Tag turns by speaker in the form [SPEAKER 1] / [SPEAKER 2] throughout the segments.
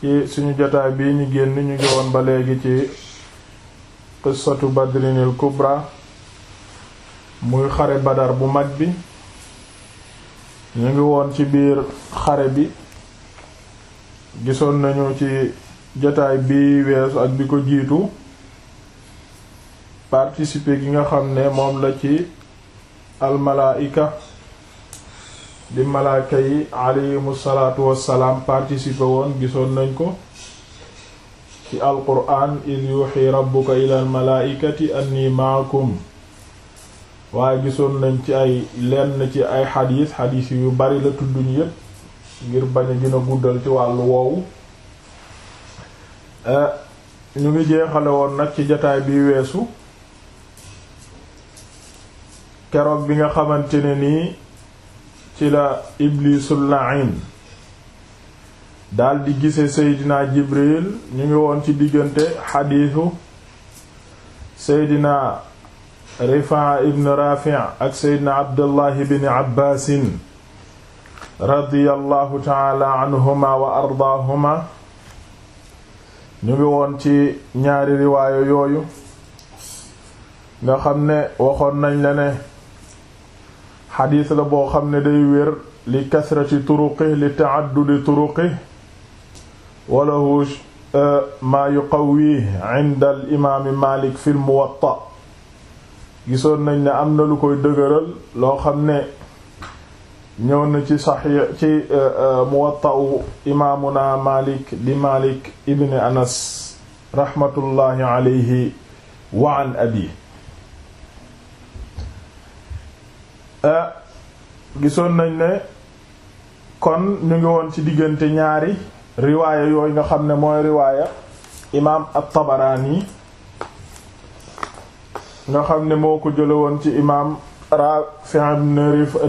[SPEAKER 1] ci suñu jataay bii ñu génn ñu ngi woon ba léegi ci qissatu badrinil kubra muy xare badar bu mag bi ñu ngi woon ci biir xare bi gisoon nañu ci jataay bi wees ak bi ko jiitu participer gi nga xam ne moom la ci almalaika di malaaka yi aleyhimu salaatu wassalaam participer woon gisoon nañ ko ci alquraan id yuuxi rabbuka ilal malaaikati anni maakum waaye gisoon nañ ci ay lenn ci ay xadiis xadiis yu bari la tudduñ yépp ngir bañ a guddal ci wàllu woowu ñu ngi jeexale woon nag ci jataay bi weesu keroog bi nga xamante ne nii ci la iblisul la'in daldi gise seydina jibril ñu ngi woon ci diggante xadiisu seydina rifaa ibn rafi' ak seydina abdullahi ibn abbaasin radiyallahu taala anhuma wa ardaahuma ñu ngi woon ci ñaari riwaayo yooyu nga xam ne waxoon nañ la ne xadiis la boo xam ne day wér li kasrati turuqi li taaddudi turuqi walahu euh, maa yuqawwi inda al imaami Maalik fil Muwatta gisoon nañ ne am na lu koy dëgëral loo xam ne ñëw na ci saxiix ci euh, euh, Muwatta u imaamuna Maalik di Maalik ibn Anas raxmatullaahi alayhi wa an abi Euh, gisoon nañ ne kon ñu ngi woon ci diggante ñaari riwaaya yooyu nga xam ne mooy riwaaya imaam at-Tabaraani nga xam ne moo ko jële woon ci imaam Raafi ibn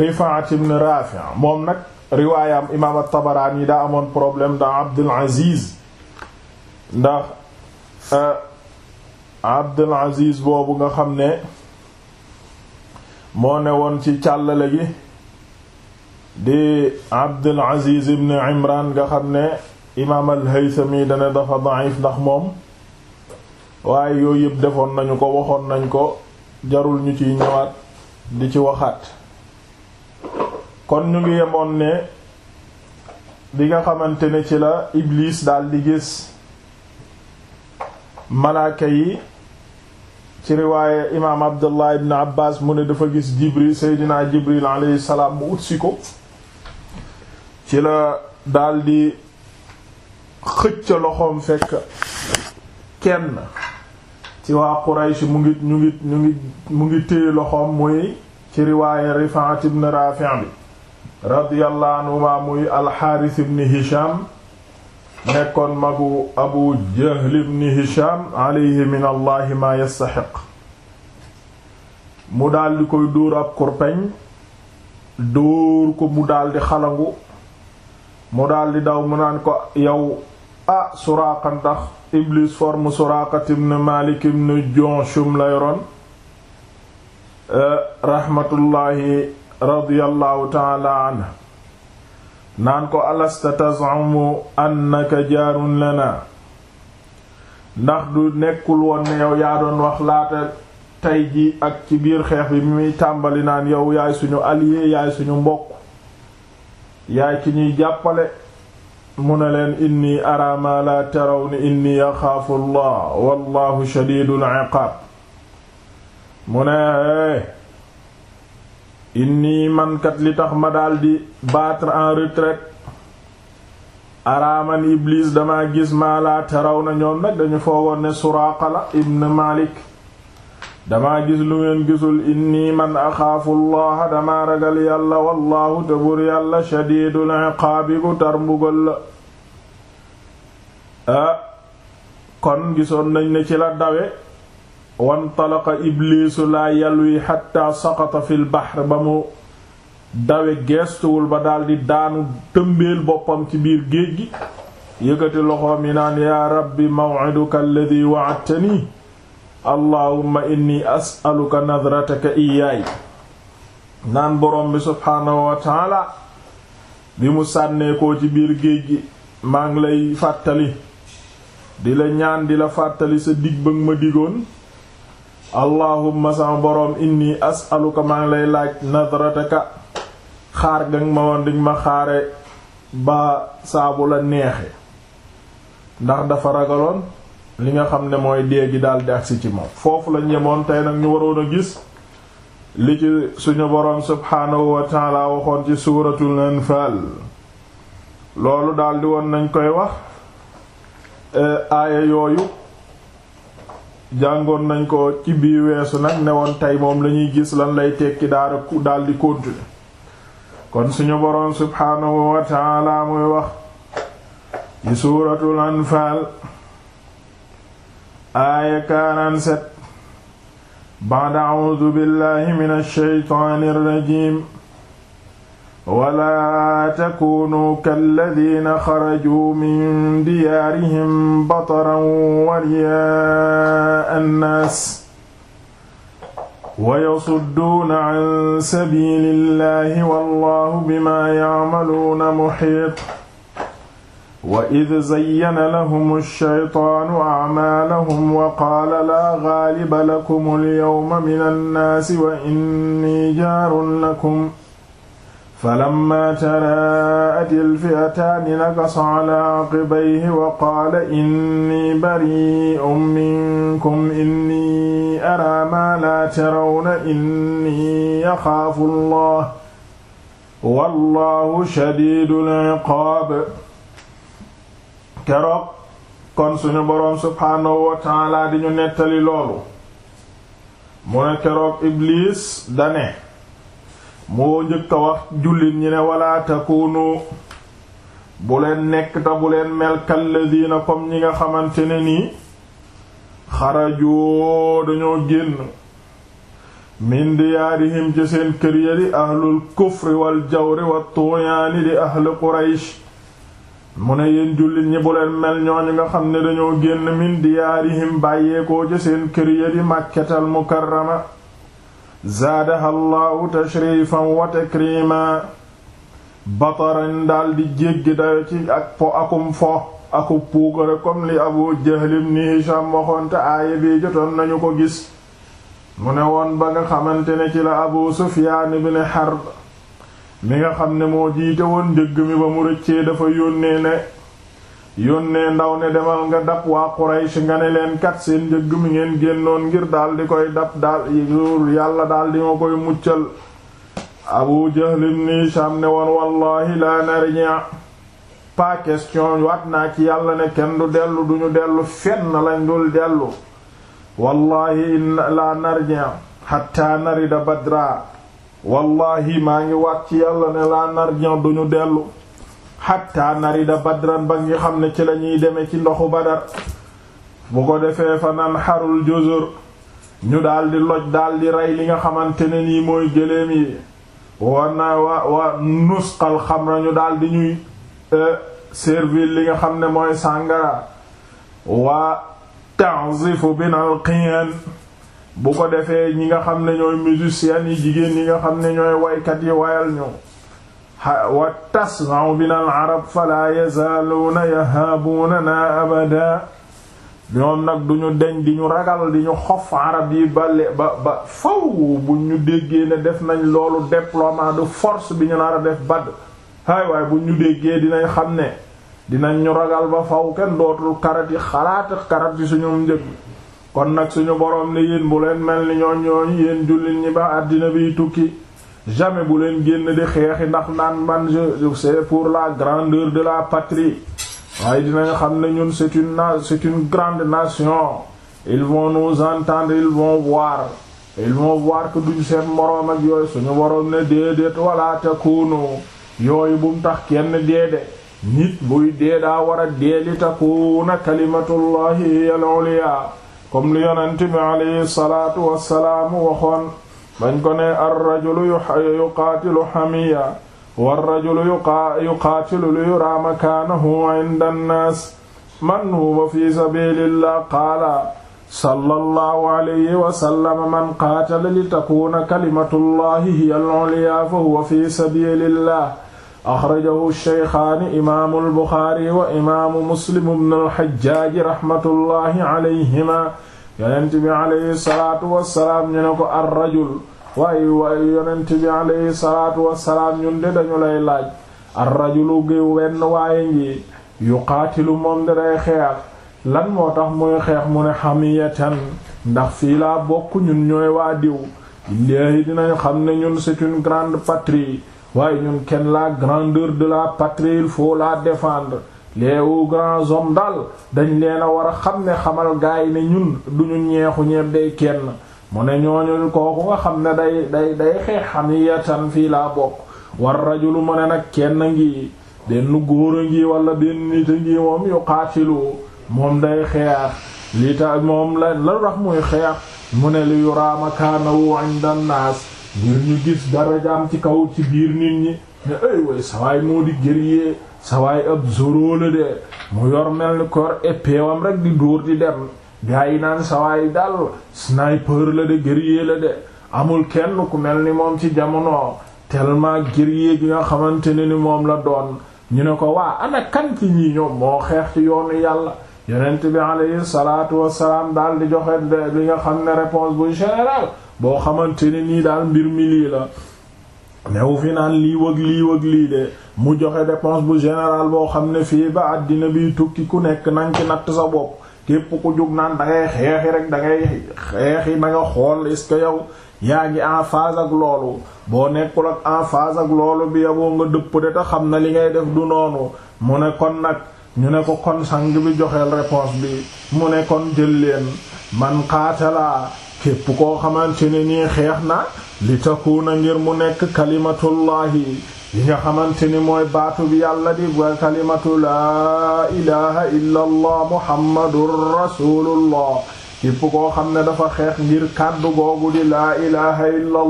[SPEAKER 1] Rifaa'i ibn Raafi moom nag riwaayam imaam at-Tabaraani daa amoon problème ndax Abdul Aziz ndax euh, Abdul Aziz boobu nga xam ne moo ne woon ci càllale gi di Abdul Aziz ibn Imran nga xam ne imaam al-Haythami dane dafa da'if ndax moom waaye yooyu yëpp defoon nañu ko waxoon nañ ko jarul ñu ciy ñëwaat di ci waxaat kon ñu ngi yemoon ne bi nga xamante ne ci la Iblis daal di gis malaaka yi ci riwaaye imaam abdullah ibn abbas mu ne dafa gis jibril seydinaa jibril alayhi salaam mu utsi ci la daldi xëcc loxoom fekk kenn ci waa quraysh mu ngi ñu ngi ñu ngi mu ngi téye loxoom muy ci riwaaye rifaat ibn rafi' bi radiyallahu anhu muy alxaaris ibn hisham nekkoon magu abu jahl ibn hisham alayhi min allahi ma yastaxiq mu daldi koy dóor ab kurpeñ dóor ko mu daldi xalangu mu daldi daw mu naan ko yow ah suraaqa ndax iblis forme suraaqa ibn malik ibn jonshum la yoroon eh, rahmatullahi radiyallahu taala naan ko alasta tazamu annaka jaarun lana ndax du nekkul woon ne yow yaa doon wax laata tey ji ak ci biir xeex bi mi muy tàmbali naan yow yaay suñu allié yaay suñu mbokk yaay ci ñuy jàppale mu ne leen inni ara ma la tarawni inni axaafu allah wallahu shadidul iqaab mu ne inni mankat li tax ma daldi battre en retraite araaman iblis dama gis maa laa taraw na ñoom nag dañu foogoon ne suraaqa la ibn malik dama gis lu ngeen gisul inni man axaafu llaha dama ragal yàlla wallahu te bur yàlla shadidul iqaabi tar mbugal la ah, kon gisoon nañ ne ci la dawe wantalaqa ibliisu laa yalwi xatta saqata fil bahr ba mu dawe geestuwul ba daldi daanu tëmbeel boppam ci biir géej gi yëkkati loxoom yi naan yaa rabbi maw'iduka alladhi wa'adtani inni as'aluka nadrataka iyaay naan borom bi subhaanahu wa bi mu sànnee ko ci biir géej gi maa ngi lay fàttali di la ñaan di la fàttali sa dig ba nga ma digoon allahumma sama boroom inni as'aluka maa ngi lay laaj nadrataka xaar ga nga ma woon diñ ma xaare ba saabu la neexe ndax dafa ragaloon li nga xam ne mooy dee gi daldi agsi ci moom foofu lañ yemoon tey nag ñu waroon a gis li ci suñu boroom subhaanahu wa taala waxoon ci suuratul anfaal loolu daldi woon nañ koy wax eh, aaya yooyu jàngoon nañ ko ci biir weesu nag ne woon tey moom lañuy gis lan lay tekki daara daldi continuer kon suñu boroom subhaanahu wa ta'ala muy wax ci suuratul anfaal aaya 47 ba'da a'uudu billahi minash shaytaanir rajiim wala takunu kalladina xaraju min diyaarihim bataran wa riyaa annaas wa yasudduuna an sabiilillahi wallahu bima yacmaluuna muxiit wa id zayyana lahum shaytaanu acmaalahum wa qaala laa gaaliba lakum alyawma min annaasi wa inni jaarun lakum falamma taraa'ati al-fi'ataani nakasa calaa caqibayhi wa qaala inni bari'un minkum inni araa maa laa tarawna inni axaafu llaah wallaahu shadiidul ciqaab keroog kon suñu boroom subhaanahu wa taala di ñu nettali loolu mu ne keroog Iblis dane moo njëkk wax jullit ñi ne wala takunu bu leen nekk te bu leen mel kalladina comme ñi nga xamante ne nii xarajoo dañoo génn min diyaarihim ci seen kër ya di ahlul kufri jawri wa tuyaani di ahlu quraysh mu ne yéen jullit ñi bu leen mel ñooñu nga xam ne dañoo génn min diyaarihim bàyyeekoo ci seen kër ya di màkketal mukarrama zaadaha allahu tashrifan wa takrima bataran daal jéggi dayo ci ak po akum fo aku puukare comme li abu jahlim ni hisham waxoonte aaya bi jotoon nañu ko gis mu ne woon ba nga xamante ne ci la abu sufyaan ibn harb mi nga xam ne moo jiite woon njëgg mi ba mu rëccee dafa yónnee ne yónnee ndaw ne demal nga dab waa Quraysh nga ne leen kat seen njëgg mi ngeen génnoon ngir daal di koy dab daal yàlla daal di ma koy muccal Abu Jahl ibn Hisham ne woon wallahi la narña pas question waat naa ci yàlla ne kenn du dellu duñu dellu fenn lañ dul dellu wallahi inna la narña hatta narida badra wallahi maa ngi waat ci yàlla ne la narña duñu dellu xatta narida badran ba ngi xam ne ci la ñuy deme ci ndoxu badar bu ko defee fa nan xarul juzur ñu daldi loj daldi rey li nga xamante ne nii mooy gëléem yi wa na wa wa nusqal ñu daldi ñuy e, servir li nga xam ne mooy sàngara waa ta'zifu binal qiyan bu ko defee ñi nga xam ne ñooy musiciens yi jigéen ñi nga xam ne ñooy waykat yi wayal ñu wa tasmau bina al arab falaa yazaaluuna abada ñoom nag duñu deñ di ñu ragal di ñu xof arab yi bale ba ba faw bu ñu déggee ne def nañ loolu déploiement de force bi ñu nar a def badd hay waaye bu ñu déggee dinañ xam ne dinañ ñu ragal ba faw kenn dootul karat yi xalaat karat yi suñu njëg kon nag suñu boroom ne yéen bu leen mel ni ñooñ ñooñ yéen jullit ñi ba àddina biy tukki jamais bu leen génn di xeexi ndax naan man je c'est pour la grandeur de la patrie waaye dinañ xam ne ñun c'est une c'est une grande nation ils vont nous entendre ils vont voir ils vont voir que duñ seen moroom ak yooyu suñu waroon ne déedéet wala takuunu yooyu bu mu tax kenn deede nit buy deedaa war a deedi takuuna kalimatullahi al-ulya comme li yonent bi alayhi salaatu wassalaam waxoon bañ ko ne ar-rajulu yuqaatilu hamiya war-rajulu yuqaatilu li yura makaanahu inda an-naas man huwa fi sabilillah qaala sallallahu alayhi wa sallam man qaatala li takuuna kalimatullahi hiya al-ulyaa fa huwa fi sabilillah axrajahu shaykhaani imaamul buxaari wa imaamu muslim ibnul hajjaaj rahmatullahi alayhimaa yonent bi alayhi salaatu wassalaam ñu ne ko ar rajul waaye waaye yonent bi alayhi salaatu wassalaam ñun de dañu lay laaj ar rajulu gi wenn waaye ngi yuqaatilu moom de day xeex lan moo tax muy xeex mu ne xamiyatan ndax fii laa bokk ñun ñooy waa diw illaahi dinañ xam ne ñun c'est une grande patrie waaye ñun kenn la grandeur de la patrie il faut la défendre leewu grands hommes daal dañ leen a war a xam ne xamal gaay ne ñun ñu ñeexu ñeeb day kenn mu ne ñooñu kooku nga xam ne day day day xeex hamiyatan fii laa bokk war rajulu mu ne nag kenn ngi benn góor a ngi wala benn nit a ngi moom yu qaatilu moom day xeex li ta moom la la tax muy xeex mu ne li yuraa makaanahu inda naas ngir ñu gis darajaam ci kaw ci biir nit ñi ne ay sawaay moo di guerrier sa waay ab zoroo la de mu yor mel ni kor épéewam rek di dóor di dem gaa yi naan sa waay dal sniper la de guerrier la de amul kenn ku mel ni moom ci jamono tellement guerrier gi nga xamante ne ni moom la doon ñu ne ko waa ana kan ci ñii ñoom moo xeex ci yoonu yàlla yonent bi alayhi salaatu wassalaam daal di joxe li nga xam ne réponse bu général boo xamante ni nii daal mbir mi lii la new fi naan lii wëg lii wëg lii de mu joxe dépense bu général boo xam ne fii ba àddina bi tukki ku nekk nang ci natt sa bopp képp ku jug naan da xeexi rek da ngay xeexi na nga xool est-ce yow yaa ngi en phase ak loolu boo nekkul ak en phase ak loolu bi yaboo nga dëpp de te xam na li ngay def du noonu mu ne kon nag ñu ne ko kon sang bi joxeel réponse bi mu ne kon jël leen man xaatalaa képp koo xamante nii xeex na li takuuna ngir mu nekk kalimatullaahi yi nga xamante ni mooy baatu bi yàlla di ba kalimatu laa ilaha illa allah muhammadur rasulullah koo xam ne dafa xeex ngir kàddu googu di laa ilaha illa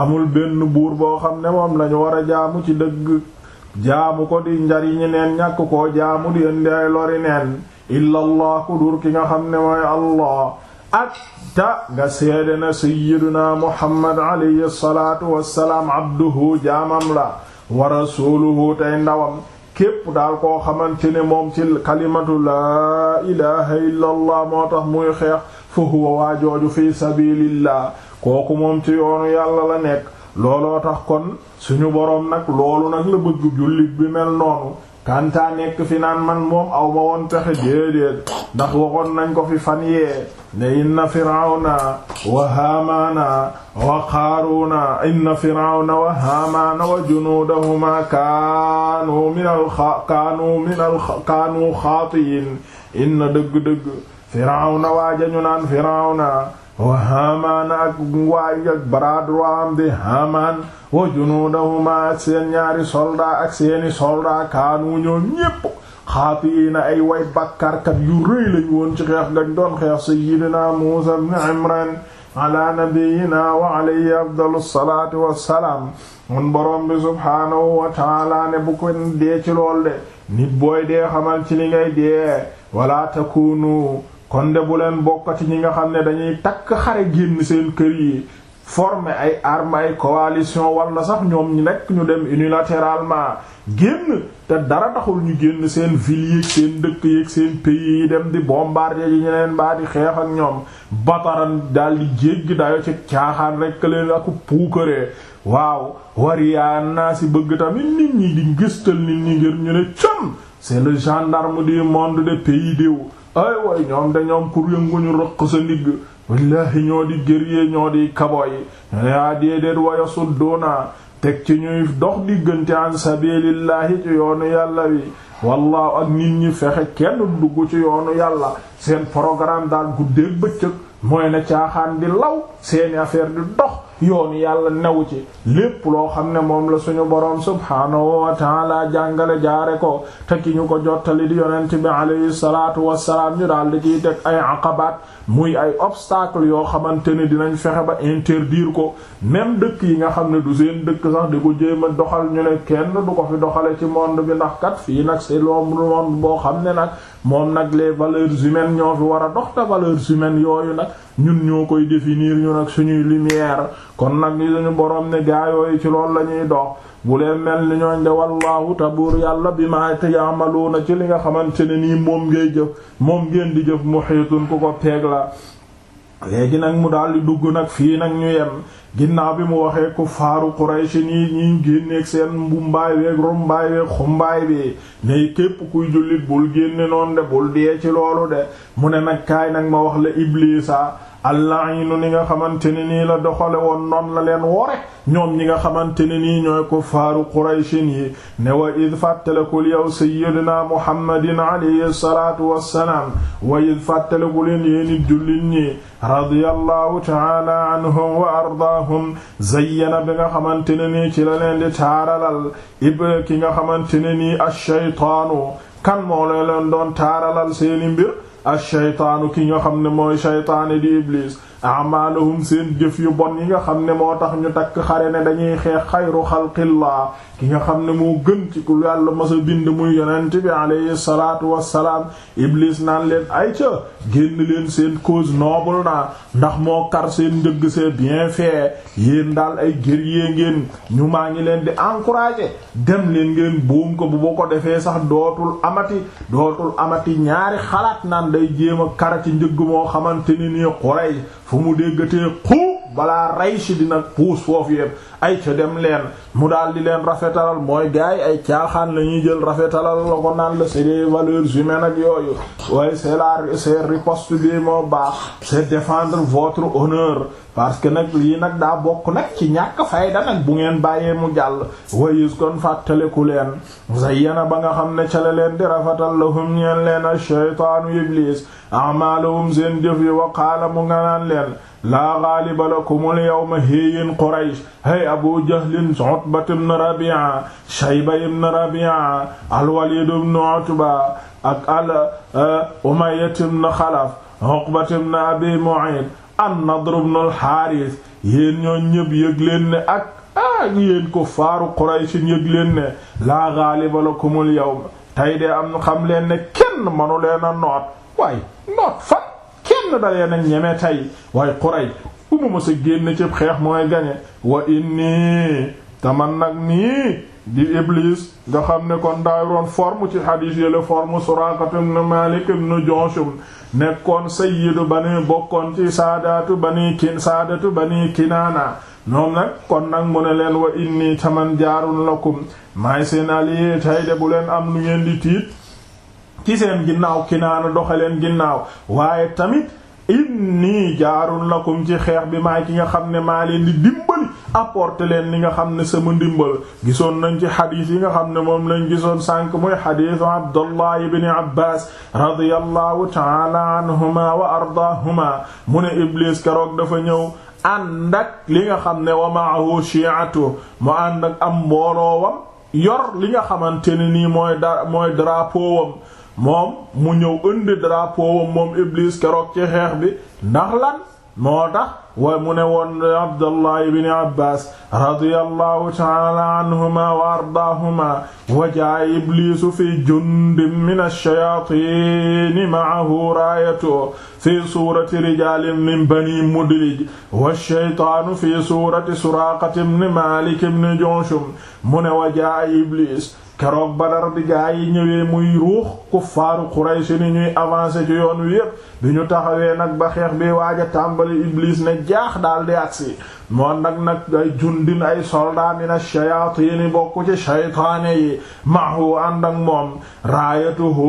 [SPEAKER 1] amul benn buur boo xam ne moom lañu war a jaamu ci dëgg jaamu ko di njar njariñi neen ñàkk koo jaamu di indi ay lori neen illa allah ki nga xam ne mooy allah ak ta nga seede na sayyiduna muhammad alayhi salaatu abduhu jaamam la wa rasuluhu tey ndawam képp daal koo xamante ne moom ci kalimatu laa ilaha illa allah moo tax muy xeex fa huwa waa jooju kooku moom ci yoonu yàlla la nekk looloo tax kon suñu boroom nag loolu nag la bëgg jullit bi mel noonu kanta nekk fi naan man moom aw ma woon pexe déedéet ndax waxoon nañ ko fi fan yee ne inna firawna wa haamaana wa qaaruna inna firawna wa haamaana wa junuudahuma kaanu min al kaanu min al kaanu xaatiyin inna dëgg-dëgg firawna waaja ñu naan firawna wa hamaan ak waayu ak bras droit am di hamaan wa junuudahuma ak seen ñaari soldat ak seeni soldat kaanu ñoom ñépp xaatiina ay way bakkarkat yu rëy lañ woon ci xeex gañ doon xeex sayyidina Muusaa ibn Imraan ala nabiyyina wa alayhi afdalu salaatu wassalaam mun borom bi subhaanahu wa taala ne bu ko dee ci lool de nit booy dee xamal dee wala takunu kon de bu leen bokkati ñi nga xam ne dañuy takk xare génn seen kër yi forme ay armes ay coalition wala sax ñoom ñu nekk ñu dem unilatéralement génn te dara taxul ñu génn seen villes yeeg seen dëkk yeeg seen pays yi dem di bombarder yi ñeneen baa di xeex ak ñoom bataran daal di jéggi dayo ci caaxaan rekk leen aku puukaree waaw wariyaa naa si bëgg tamit nit ñi di gëstal nit ñi ngir ñu ne cam c'est le gendarme du monde de pays diw ay way ñoom de ñoom pour yënguñu roq sa ndigg wallaahi ñoo di guerrier ñoo di kabo yi ñu ne yaa déedéet waya suddoona teg ci ñuy dox diggante an sabilillahi ci yoonu yàlla wi wallaahu ak nit ñi fexe kenn dugg ci yoonu yàlla seen programme daal guddeeg bëccëg mooy na caaxaan di law seeni affaire di dox yoon yàlla newu ci lépp loo xam ne moom la suñu boroom subhaanahu wa taala jàngale jaare ko te ki ñu ko jottali di yonent bi alayhi salaatu wassalaam ñu daal di ciy teg ay aqabaat muy ay obstacle yoo xamante ne dinañ fexe ba interdire ko même dëkk yi nga xam ne du seen dëkk sax di ko jéem a doxal ñu ne kenn du ko fi doxale ci monde bi ndax kat fii nag c'est le monde boo xam ne nag moom nag les valeurs humaines ñoo fi war a dox te valeurs humaines yooyu nag ñun ñoo koy définir ñu nag suñuy lumière kon nag ñu suñu borom ne gaa yooyu ci loolu la ñuy dox bu leen mel ni ñooñ de wallaahu tabuur yàlla bi maa tayaamaluuna ci li nga xamante ne nii moom ngay jëf moom ngeen di jëf muhiitun ku ko peeg la léegi nag mu daldi dugg nag fii nag ñu yem ginnaaw bi mu waxee ku faaru Quraysh nii ñi génneeg seen mbumbaay weeg rumbaay weeg xumbaay bi ne képp kuy jullit bul génne noonu de bul dee ci loolu de mu ne nag kaay nag ma wax la Iblisa allainu ni nga xamante ne nii la doxale woon noon la leen wore ñoom ñi nga xamante ne nii ñooy kuffaaru qurayshin yi ne wa id fàttalekul yow sayyidina muhammadin alayhi salaatu wassalaam wa id fàttalekul yeen yéeni jullit ñi radiyallahu ta'ala anhum wa ardaahum zayyana bi nga xamante ne nii ci la leen di taaralal ib ki nga xamante ne nii ash-shaytaanu kan moo leen taaralal seeni mbir ash-shaytaanu ki nga xam ne mooy shaytaane di iblis amaalahum seen jëf yu bon yi nga xam ne moo tax ñu takk xare ne dañuy xeex xayru xalqillah ki nga xam ne moo gën ci ku yàlla mas a bind muy yonent bi alayhi salaatu wassalaam iblis naan leen ay ca génn leen seen cause noble na ndax moo kar seen njëgg c'est bien fait yéen daal ay guerrier ngeen ñu maa ngi leen di encourager dem leen ngeen buum ko bu boo ko defee sax dootul amati dootul amati ñaari xalaat naan day jéem a kara ci njëgg moo xamante ni nii xolay fu mu déggatee xuu balaa ray si dina puus foofu yëpp ay ca dem leen mu daal di leen rafetalal mooy gars yi ay caaxaan la ñuy jël rafetalal la ko naan la c'est des valeurs humaines ak yooyu waaye c'est la c'est riposte bi moo baax c'est défendre votre honneur parce que nag lii nag daa bokk nag ci ñàkk fayda nag bu ngeen bàyyee mu jàll wayis kon fàttaleku leen zayyana ba xam ne cale leen di rafatal lahum ñeen leen ash-shaytaanu iblis a'maaluhum seen jëf yi wa qaala mu nga naan leen laa gaaliba lakumul yawma hiyin quraysh hey abu jahlin utbat ibn rabi'a shayba ibn rabi'a alwalid ibn utba ak al uh, umayyah ibn khalaf uqbat ibn abi mu'ayt an-Nadr ibn al-Haaris yéen ñoo ñëpp yëg leen ne ak ak ah, yéen ko faaru Quraysh yëg leen ne laa gaaliba lakum al-yawm tey de am xam leen ne kenn manu leen a noot waaye noot fan kenn da leen a ñeme tey waaye Quraysh bu ma mës a génn xeex mooy gañe wa inni taman nag nii di iblis nga xam ne kon daa yoroon forme ci xadiis yële forme Suraaqatu ibn Maalik ibn Jushum nekkoon sayyidu bani bokkoon ci saadaatu bani kin saadatu bani Kinaana ñoom nag kon nag mu ne leen wa inni taman jaarun lakum maay seen allié tay bu leen am lu ngeen di tiit ci ginnaaw Kinaana doxe leen ginnaaw waaye tamit inni jaarun lakum ci xeex bi maay ki nga xam ne maa leen di dimbali apporter leen li nga xam ne sama ndimbal gisoon nañ ci xadiis yi nga xam ne moom lañ gisoon sànk mooy xadiisu Abdullah ibn Abbas radiyallahu ta'ala anhuma wa ardaahuma mu ne Iblis keroog dafa ñëw ànd ak li nga xam ne wa ma'ahu shi'atu mu ànd ak am mbooloowam yor li nga xamante ne nii mooy da mooy drapeau wam moom mu ñëw indi drapeau moom Iblis keroog ci xeex bi ndax lan moo tax wa mu ne woon Abdallah ibn Abbas radiyallahu ta'ala anhuma wa ardaahuma wa jaa ibliisu fi jundin min ash-shayaatiini ma'ahu raayatu fi suurati rijaalin min bani mudlij wa ash-shaytaanu fi suurati suraaqati ibn maalik ibn junshum mu ne wa jaa ibliis keroog Badar bi gaa yi ñëwee muy ruux kuffaaru Quraysh ni ñuy avancer ci yoon wi yépp bi ñu taxawee nag ba xeex bi waaj a tàmbali Iblis ne jaax daal di agsi moom nag nag ay jundin ay soldat min ash-shayatin bokku ci shaytaane yi mahu ànd ak moom raayatuhu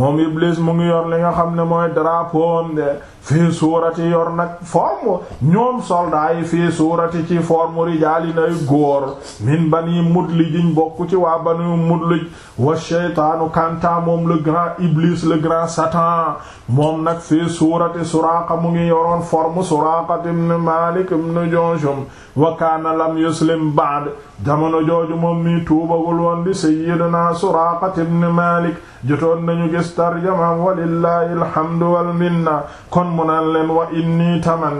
[SPEAKER 1] moom iblis mu ngi yor li nga xam ne mooy drapeau am de fii suurati yor nag forme ñoom soldat yi fii suurati ci forme rijaali nay góor min bani mudlij bokku ci waa bani mudlij wa shaytaanu kanta moom le grand iblis le grand satan moom nag fii suurati suraaqa mu ngi yoroon forme suraaqa ibn malik ibn junshum wa kaana lam yuslim ba'd jamono jooju moom mi tuubagul woon di sayyidina suraaqa ibn malik jotoon nañu gis tarjamaam walillahi alhamdu wal minna kon mu naan leen wa inni taman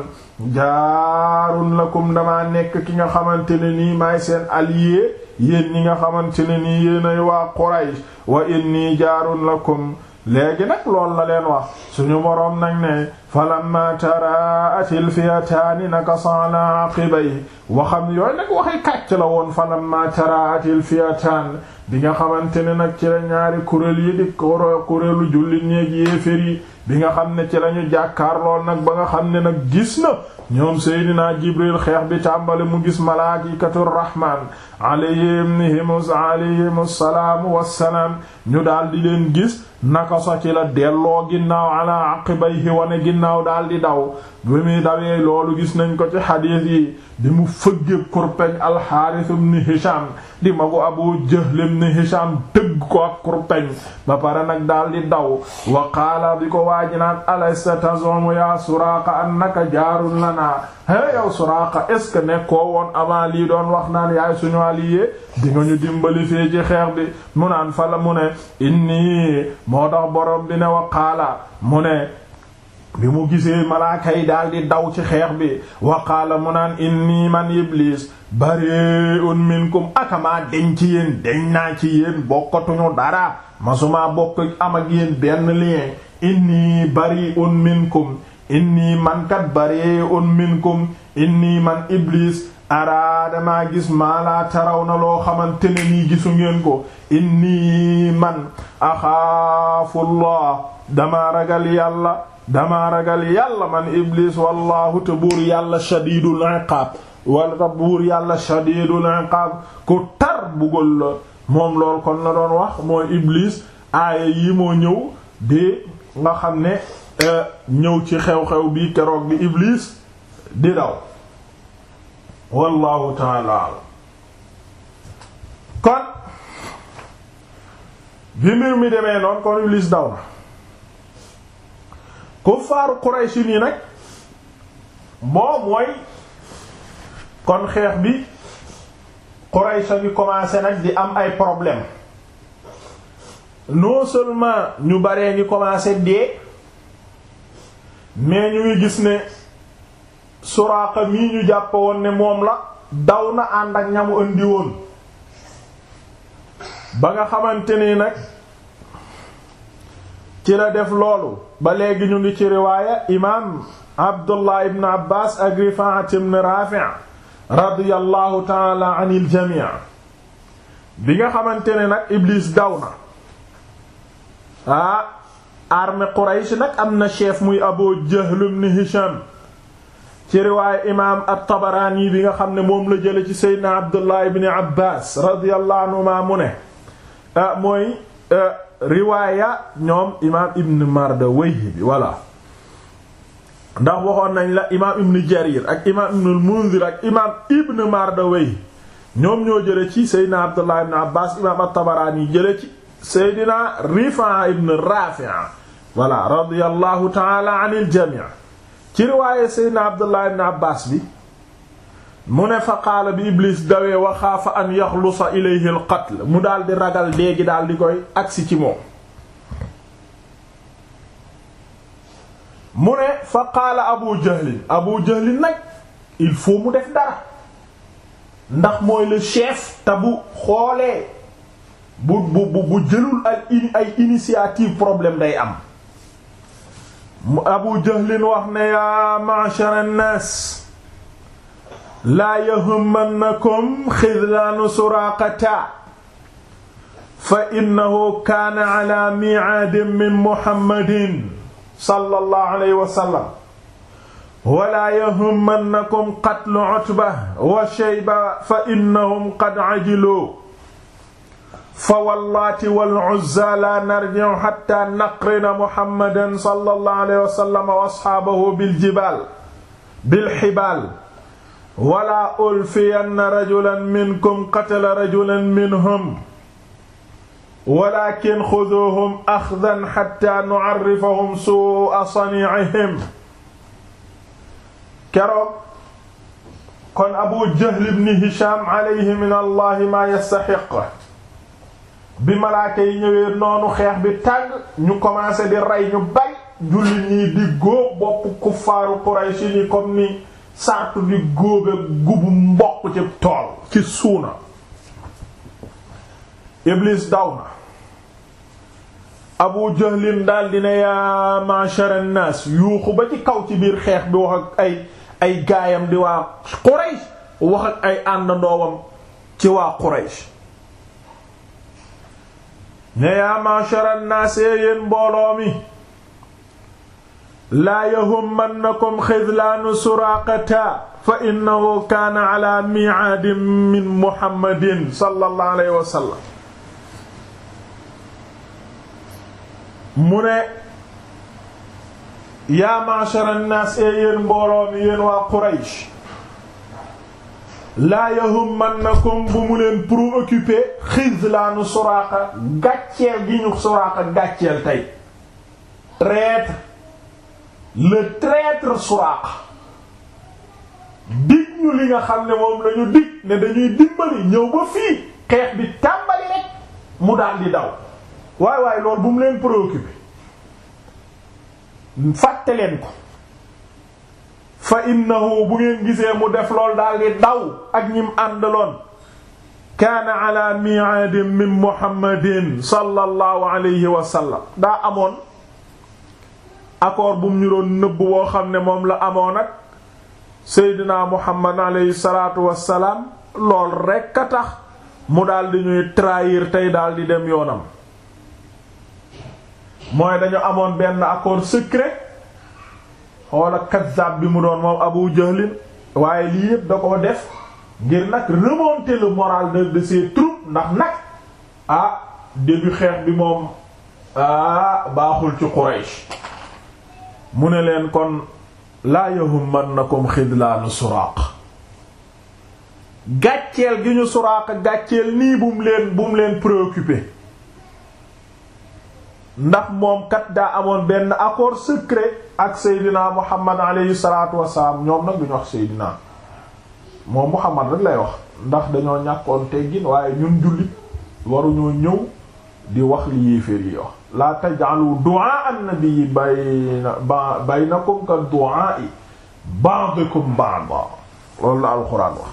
[SPEAKER 1] jaarun lakum dama nekk ki nga xamante ne nii maay seen allié yéen ñi nga xamante ne nii yéenay waa Quraysh wa inni jaarun lakum léegi nag loolu la leen wax suñu boroom nag ne falamma taraatil fiyataani nakasala aqibay waxam yooyu nag waxi kàcc la woon falamma taraatil fiyataan bi nga xamante ne nag ci la ñaari kuréel yi di koro kuréelu jullit ñeeg bi nga xam ne ci lañu jàkkaar lool nag ba nga xam ne nag gis na ñoom seydinaa jibril xeex bi tàmbale mu gis malaa'ikatu rahmaan alayhimus alayhimus salaamu wassalaam ñu daal di leen gis naka sa ci la delloo ginnaaw ala aqibayhi wane ginnaaw daal di daw bi muy dawee loolu gis nañ ko ci xadiis yi di mu fëggee kurpeñ alxaaris ibn hisham di magu Abu Jahl ibn Hisham dëgg ko ak kurpeñ ba pare nag daal di daw wa qaala bi ko waaji naan alaysa tazumu ya Suraaqa annaka jaarun lana he yow Suraaqa est ce que nekkoo woon avant lii doon wax naan yaay suñu allié di nga ñu dimbali fii ci xeex bi mu naan fa la mu ne inni moo tax borom bi ne wa qaala mu ne bi mu gisee malaaka daal di daw ci xeex bi waqaala mu naan inni man iblis bari'un minkum akamaa deñ ci yéen deñ naa ci yéen bokkatuñu dara masumaa bokk am ak yéen benn lien inni bari'un minkum inni man kat bari'un minkum inni man iblis ara damaa gis maalaa taraw na loo xamante ne gisu ngeen ko inni man axaafullah dama ragal yàlla dama ragal yàlla man iblis wallahu te buur yàlla shadidul iqaab wala te buur yàlla shadidul iqaab ku tar buggal la moom lool kon la doon wax mooy iblis aaya yi moo ñëw di nga xam ne eh, ñëw ci xew-xew bi keroog bi iblis di daw wallahu taala kon bi mbir mi demee noon kon iblis daw na kuffaaru Quraysh nii nag moom mooy kon xeex bi Quraysh a ngi commencé nag di am ay problème non seulement ñu baree ngi commencé dee mais ñu ngi gis ne Suraaqa mii ñu jàpp woon ne moom la daw na ànd ak ñamu indi ba nga xamante ni nag ci la def loolu ba léegi ñu ngi ci riwaaya imaam abdullah ibn abbas ak rifaat ibn rafi' radiyallahu taala anil jamii bi nga xamante ne nag iblis daw na ah quraysh nag am na chef muy abu jahl ibn hisham ci riwaaya imaam at-tabaraani bi nga xam ne moom la jële ci seydna abdullah ibn abbas radiyallahu anhuma mu ne ah, mooy eh, riwaaya ñoom imaam ibn Mardawayhi bi voilà ndax waxoon nañ la imaam ibn Jarir ak imaam ibn al-Munzir ak imaam ibn Mardawayhi ñoom ñoo jële ci seydina Abdullah ibn Abbas imaam at-Tabarani jële ci seydina Rifa'a ibn Rafi'a voilà radiyallahu ta'ala anil jami' ci riwaaya seydina Abdullah ibn Abbas bi mu ne fa qaala bi iblis dawee wa xaafa an yaxlusa ilayhi al mu daal di ragal déegi daal di koy agsi ci moom mu ne fa qaala abu jahlin abu jahlin nag il faut mu def dara ndax mooy la chef te bu xoolee bu bu bu jëlul ay ay problème day am abu jahlin wax ne yaa ma'shar an laa yahummannakum xidlaanu suraaqata fa innahu kaana ala miicaadin min muhammadin sallallahu alayhi wa sallam walaa yahummannakum qatlu utba wa shayba fa innahum qad cajiluu fa wallaati wal uzza laa narjicu xatta naqrina muhammadan sallallahu alayhi wa sallam wa asxaabahu biljibaal bilxibaal wala ulfiyanna rajulan minkum qatala rajulan minhum walakin xuduuhum axdan xatta nucarrifahum suu'a saniicihim keroog kon abu jahl ibn hisham alayhi min allahi maa yastaxiq bi malaaka yi ñëwee noonu xeex bi tàng ñu commencé di rey ñu bay julli ñii di góob bopp kuffaaru qurayshi ni comme ni saatu di góobe gubu mboq ci tool ci suuna iblis daw na abu jahlin daal dina yaa ma'shar an-nas yuuxu ba ci kaw ci biir xeex bi wax ak ay gaayam di waa quraysh wax ak ay àndandoowam ci waa quraysh ne yaa ma'shar an-nas yéen mbooloo laa yahummannakum xidlaanu suraaqata fa innahu kaana ala mi'aadin min muhammadin sallallahu alayhi wa sallam mu ne yaa ma'shar an-naas ee yéen mbooloo mi yéen waa Quraysh laa yahummannakum bu mu leen préoccupé xidlaanu suraaqa gàcceel gi ñu suraaqa gàcceel tey traître le traître Suraaqa dig ñu li nga xam ne moom lañu dig ne dañuy dimbali ñëw ba fii xeex bi tàmbali rek mu daldi daw waay waay loolu bu mu leen préoccupé fàtte leen ko fa innahu bu ngeen gisee mu def lool daal di daw ak ñim àndaloon kaana ala mi'aadin min muhammadin sallallahu alayhi wa daa amoon accord bu mu ñu doon nëbb woo xam ne moom la amoon ak seydinaa muhammad aleyhi salaatu wassalaam lool rekk a tax mu daldi ñuy trahir tey daldi dem yoonam mooy dañu amoon benn accord secret xoola kazzab bi mu doon moom abu jahlin waaye lii yépp da ko def ngir nag remonter le moral de de ses ndax nag ah début xeex bi moom ah baaxul ci Quraysh mu ne leen kon laa yahummannakum xidlaanu suraaq gàcceel gi ñu suraaqa gàcceel nii bum leen bum leen préoccupé ndax moom kat daa amoon benn accord secret ak seydinaa muhammad aleyhi salaatu wasalaam ñoom nag du ñu wax seydinaa moom muhammad rek lay wax ndax dañoo ñàkkoon teggin waaye ñun jullit waruñoo ñëw di wax li yéeféer yi wax la taj'alu du'a an-nabi bayna baynakum ka du'a ba'dikum ba'da loolu la alxuraan wax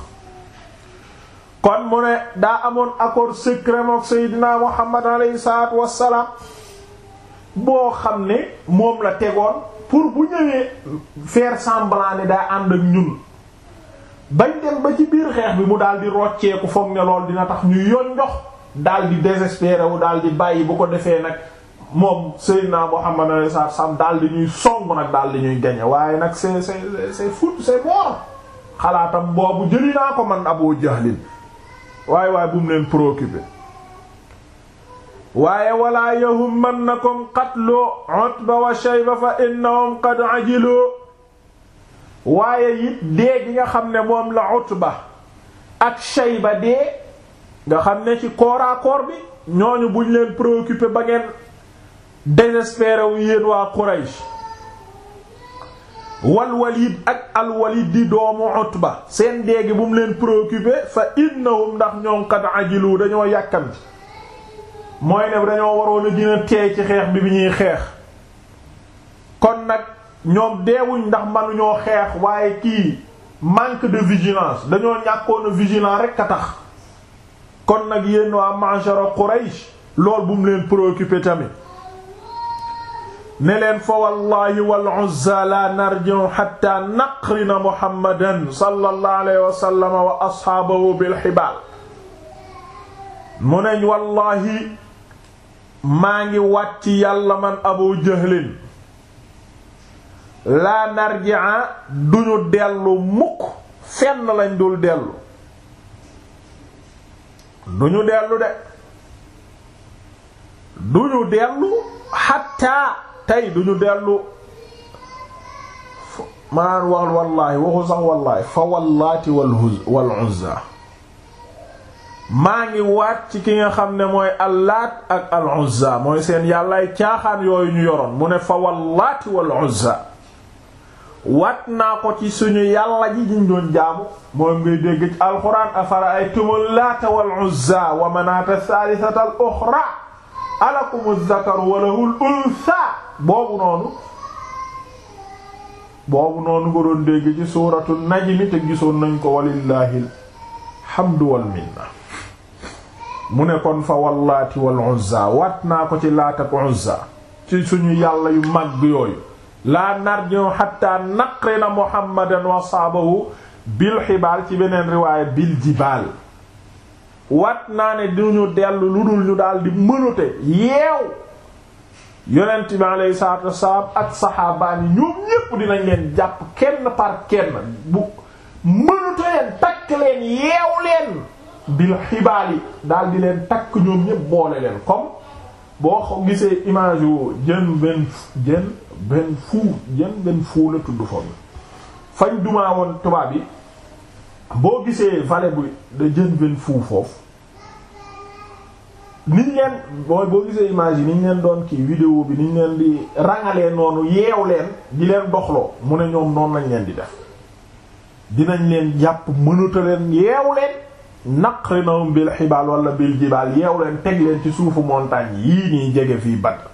[SPEAKER 1] kon mu ne daa amoon accord secret mook Seydina Muhammad alayhi salaatu wassalaam boo xam ne moom la tegoon pour bu ñëwee faire semblant ne daa ànd ak ñun bañ dem ba ci biir xeex bi mu daal di rocceeku foog ne lool dina tax ñu yoon ndox daal di désespéré wu daal di bàyyi bu ko defee nag moom Seydina Muhammad sallallahu alayhi wasallam daal di ñuy song nag daal di ñuy gañe waaye nag c'est c'est c'est fou c'est xalaatam boobu jëli naa ko man Abu Jahlin waaye waaye bu mu leen préoccupé waaye walaa yahummannakum qatlu Utba wa Shayba fa innahum qad ajilu waaye it dee gi nga xam ne moom la ba ak ba dee nga xam ne ci corps à corps bi ñooñu buñ leen préoccupé ba ngeen désespéré wu yéen waa Quraysh wal Walid ak al di doomu Utba seen déegi bu mu leen préoccupé fa innahum ndax ñoom qad ajilu dañoo yàkkamti mooy ne dañoo waroon a dina teey ci xeex bi bi ñuy xeex kon nag ñoom deewuñ ndax mënuñoo xeex waaye kii manque de vigilance dañoo ñàkkoon a vigilant rek a tax kon nag yéen waa ma'shara Quraysh lool bu mu leen préoccupé tamit ne leen fa wallaahi wal Uzza la narji'u hatta naqrina Muhammadan sallallahu alayhi wa sallam wa ashaabahu bil xibaal mu neñ wallaahi maa ngi wàcc yàlla man Abu Jahlin laa narji'a duñu dellu mukk fenn lañ dul dellu duñu dellu de duñu dellu xatta tey duñu dellu maanaam wax wallaahi waxu sax wallaahi fa wallaati wal uzza maa ngi waat ci ki nga xam ne mooy allaat ak al uzza mooy seen yàllaay caaxaan yooyu ñu yoroon mu ne fa wallaati wal uzza wat naa ko ci suñu yàlla ji ñu doon jaamu moom ngay dégg ci alxuraan afara ay tumul laata wa manaata saalisata al uxra alakumu zakaru wa lahul unsa boobu noonu boobu noonu nga doon dégg ci suuratu najmi te gisoon nañ ko walillahi alhamdu minna mu ne kon fa wallaati wal uzza wat naa ko ci laata ak uzza ci suñu yàlla yu mag yooyu laa narji'u hatta na muhammadan wa sahbahu bil xibaal ci beneen riwaaya bil jibaal wat naa ne ñu dellu lu dul ñu daal di mënute yeew yonent bi alayhi ak saxaabaan yi ñoom ñépp dinañ leen jàpp kenn par kenn bu mënute leen takk leen yeew leen bil xibaal yi daal di leen takk ñoom ñépp boole leen comme boo gisee image yu jën benn jën benn fuu jën benn fuu la tudd foofu fañ dumaa woon tubaab yi boo gisee vallée bu da jën benn fuu foofu niñ leen mooy boo gisee image yi niñ leen doon kii vidéo bi niñ leen di rangalee noonu yeew leen di leen doxloo mu ne ñoom noonu lañ leen di def dinañ leen jàpp mënata leen yeew leen naqrinahum bil xibaal wala bil jibaal yeew leen teg leen ci suufu montagne yii nii jege fii Badr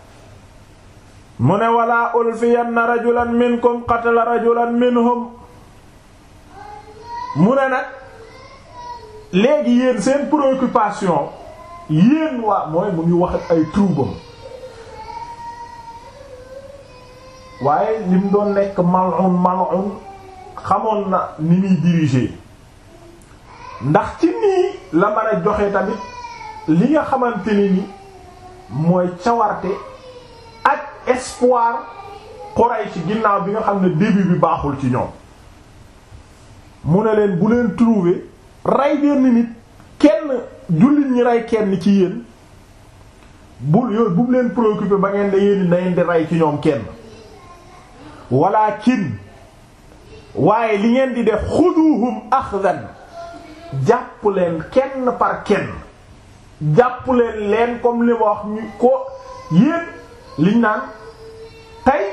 [SPEAKER 1] mu ne wala ulfiyanna rajulan minkum qatala rajulan minhum mu ne nag léegi yéen seen préoccupation yéen waa mooy mu ngi wax ay troubam waaye lim doon nekk mal'un mal'un xamoon na ni muy diriger ndax ci nii la mën a joxe tamit li nga xamante ni ni mooy cawarte ak espoir Quraysh ci ginnaaw bi nga xam ne début bi baaxul ci ñoom mu ne leen bu leen trouver rey benn nit kenn jullit ñi rey kenn ci yéen bu yooyu bu leen préoccupé ba ngeen de yéen na ngeen rey ci ñoom kenn walaakin waaye li ngeen di def xuduhum axdan jàpp leen kenn par kenn jàpp leen leen comme li ma wax ñu ko yéen liñ naan tey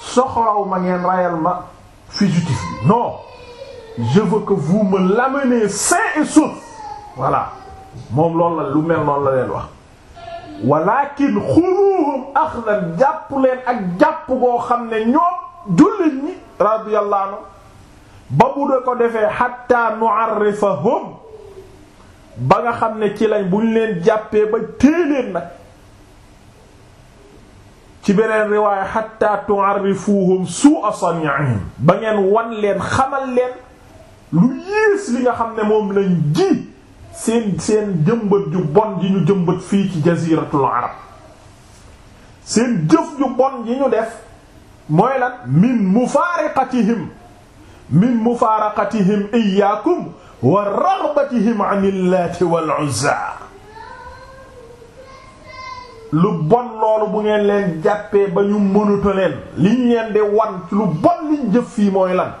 [SPEAKER 1] soxlaw ma ngeen rayal ma fugitif bi non je veux que vous me l'amenez sain et sauf voilà moom loolu la lu mel noonu la leen wax walakin xuduuhum axdan jàpp leen ak jàpp boo xam ne ñoom jullit ñi radiyallahu ba bu da ko defee xatta nu'arrifahum ba nga xam ne ci lañ buñ leen jàppee ba téeléen nag ci beneen riwaaya xatta suu su'a sani'ihim ba ngeen wan leen xamal leen lu yées li nga xam ne moom lañ ji seen seen jëmbat ju bon ji ñu jëmbat fii ci jaziratul arab seen jëf ju bon ji ñu def mooy lan min mufaariqatihim min mufaaraqatihim iyyaakum wa raghbatihim an Laat wal Uzza lu bon loolu bu ngeen leen jàppee ba ñu mënuta leen li ñu leen di wan lu bon liñ jëf fii mooy lan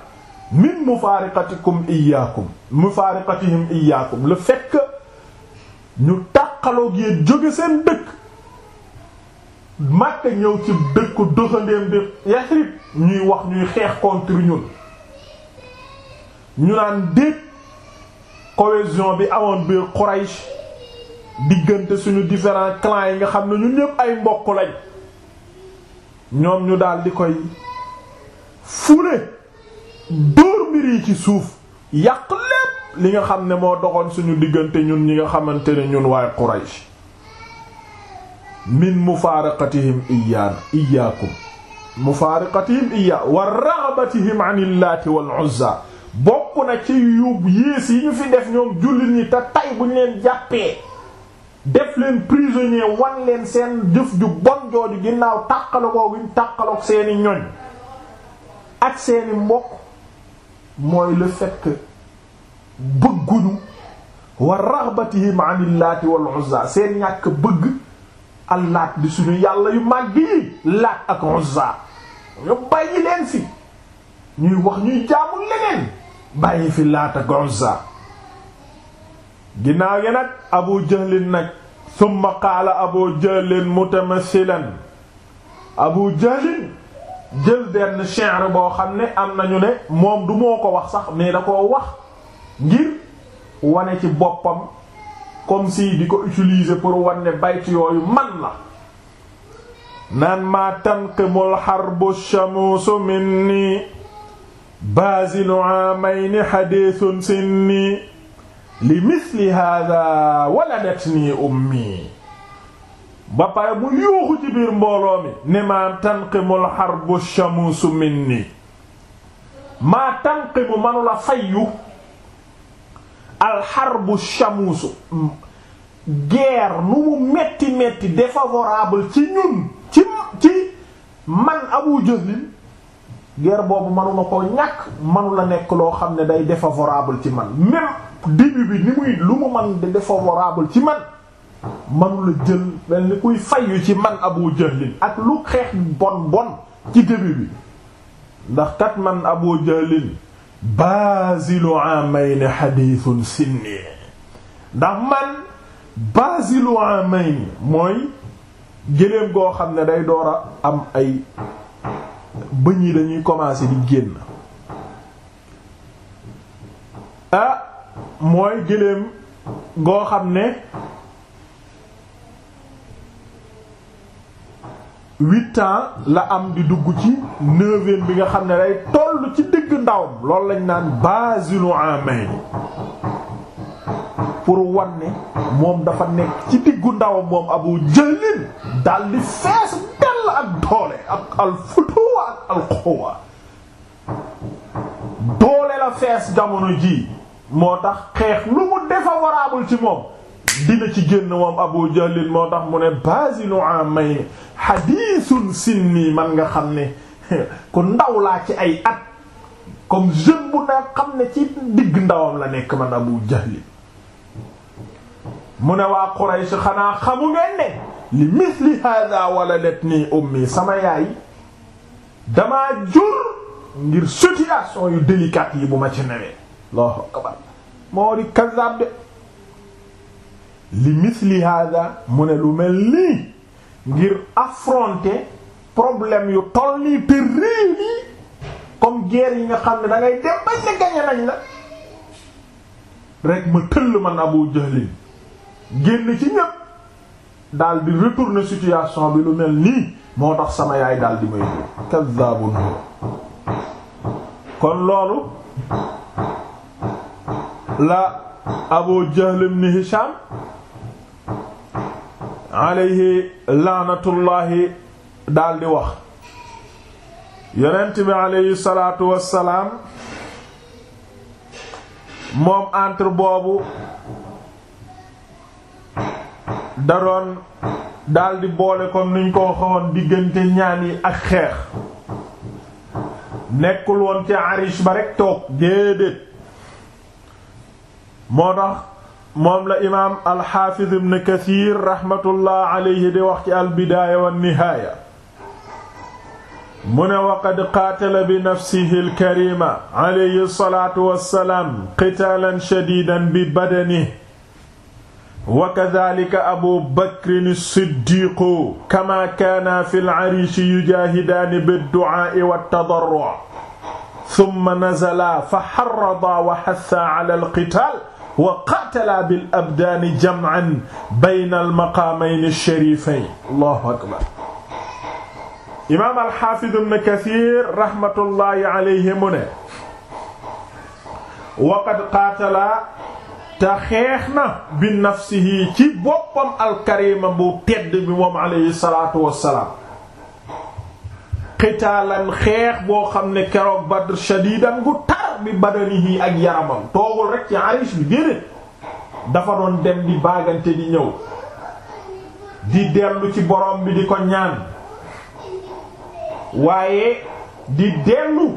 [SPEAKER 1] min mufaariqatikum iyyaakum mufaariqatihim iyyaakum le fait que ñu tàqaloog yéen jóge seen dëkk Makka ñëw ci dëkku doxandéem bi Yasrib ñuy wax ñuy xeex contre ñu naan déet cohésion bi amoon biir Quraysh diggante suñu différents clans yi nga xam ne ñun ñëpp ay mbokk lañ ñoom ñu daal koy fule dóor mbir yi ci suuf yàq lépp li nga xam ne moo doxoon suñu diggante ñun ñi nga xamante ne ñun waaye Quraysh min mufaaraqatihim iyaan iyaakum mufaaraqatihim iya wa raxabatihim an illaati wal uzza bokk na ci yu yées yi ñu fi def ñoom jullit ñi te tay bu ñu leen jàppee def leen prisonnier wan leen seen jëf ju bon jooju ginnaaw tàqalakoo guñ tàqaloog seeni ñoñ ak seeni mbokk mooy le fait que bëgguñu wa raxbatihim an illaati wal uzza seen ñàkk bëgg al laat bi suñu yàlla yu màgg yi laat ak uzza ñu bàyyi leen fi ñuy wax ñuy jaamul leneen bàyyi fi laata ak Uzza ginnaaw gi nag Abu Jahlin nag summa qaala Abu Jahlin mutamassilan Abu Jahlin jël benn shi'r boo xam ne am nañu ne moom du moo ko wax sax mais da koo wax ngir wane ci boppam comme si di ko utilise pour wane baytu yooyu man la naan maa tanqimul harbu shamusu minni baazilu aamayni xadiisun sinni li misli haadaa waladatni ummi ba mu yuuxu ci biir mbooloo mi ne maa tanqimul xarbu shamuusu minni maa tanqimu manula fayyu alxarbu shamuusu guerre nu mu metti metti défavorable ci ñun ci man Abu Jahl guerre boobu manuma ko ñàkk manu la nekk loo xam ne day défavorable ci man même début bi ni muy lu mu man di défavorable ci man manu la jël mel kuy fayu ci man Abu Jahlin ak lu xeex bon bon ci début bi ndax kat man Abu Jahlin basilu amayni hadithun sinni ndax man basilu amayni mooy géléem goo xam ne day door a am ay bëñ yi dañuy commencer di génn a ah, mooy gëléem ngoo xam ne huit la am di dugg ci neuvième bi nga xam ne day toll ci digg ndaw loolu lañ naan basilu amain pour wan ne moom dafa nekk ci diggu ndawam moom Abu Jahlin daldi fees dell ak doole ak al futuwa ak al quwwa doole la fees jamono ji moo tax xeex lu mu défavorable ci moom dina ci génn moom Abu Jahlin moo tax mu ne basilu amay hadithun sinni man nga xam ne ku ndaw laa ci ay at comme jeune bu naa xam ne ci digg ndawam la nekk man Abu Jahlin mu ne waa Quraysh xanaa xamu ngeen ne li misli hada waladat nii ummi sama yaay damaa jur ngir situation yu délicate yi bu ma ci newee Allahu moo di kazzab de li misli hada mu ne lu mel nii ngir affronter problème yu toll nii terrible yi comme guerre yi nga xam ne da dem bañ ne gagné nañ la rek ma tëll man Abu Jahlin génn ci ñépp daal di retourner situation bi lu mel nii moo tax sama yaay daal di may kazzabun kon loolu la Abu Jahl ibn Hisham alayhi laanatullaahi wax yonent bi alayhi salaatu wassalaam moom entre boobu da doon daldi boole comme niñ ko waxoon diggante ñaan yi ak xeex nekkul woon ci arish ba rek toog déedéet moo tax moom la imaam alxaafiz ibn kathir raxmatullah alayhi di wax ci albidaaya wa nihaaya mu ne waqad qaatala bi nafsihi alkarima alayhi salaatu wassalaam qitaalan shadiidan bi badanihi wa kadhalika abu bakrin siddiqu kama kaana fi larishi yujaahidaani biddu'aa'i wattadarru' thumma nazalaa fa harradaa wa hassaa ala alqitaal wa qaatala bil abdaani jam'an bayna almaqaamayni shariifayn allahu akbar imaam alxaafid ibn kasiir rahmatullahi alayhi mu ne waqad qaatala te xeex na bi nafsihi ci boppam alkarima bu tedd bi moom alayhi salaatu wassalaam xitaalan xeex boo xam ne keroog badr shadidan gu tar bi badanihi ak yaramam toogul rek ci arish bi déedéet dafa doon dem di baagante di ñëw di dellu ci borom bi di ko ñaan waaye di dellu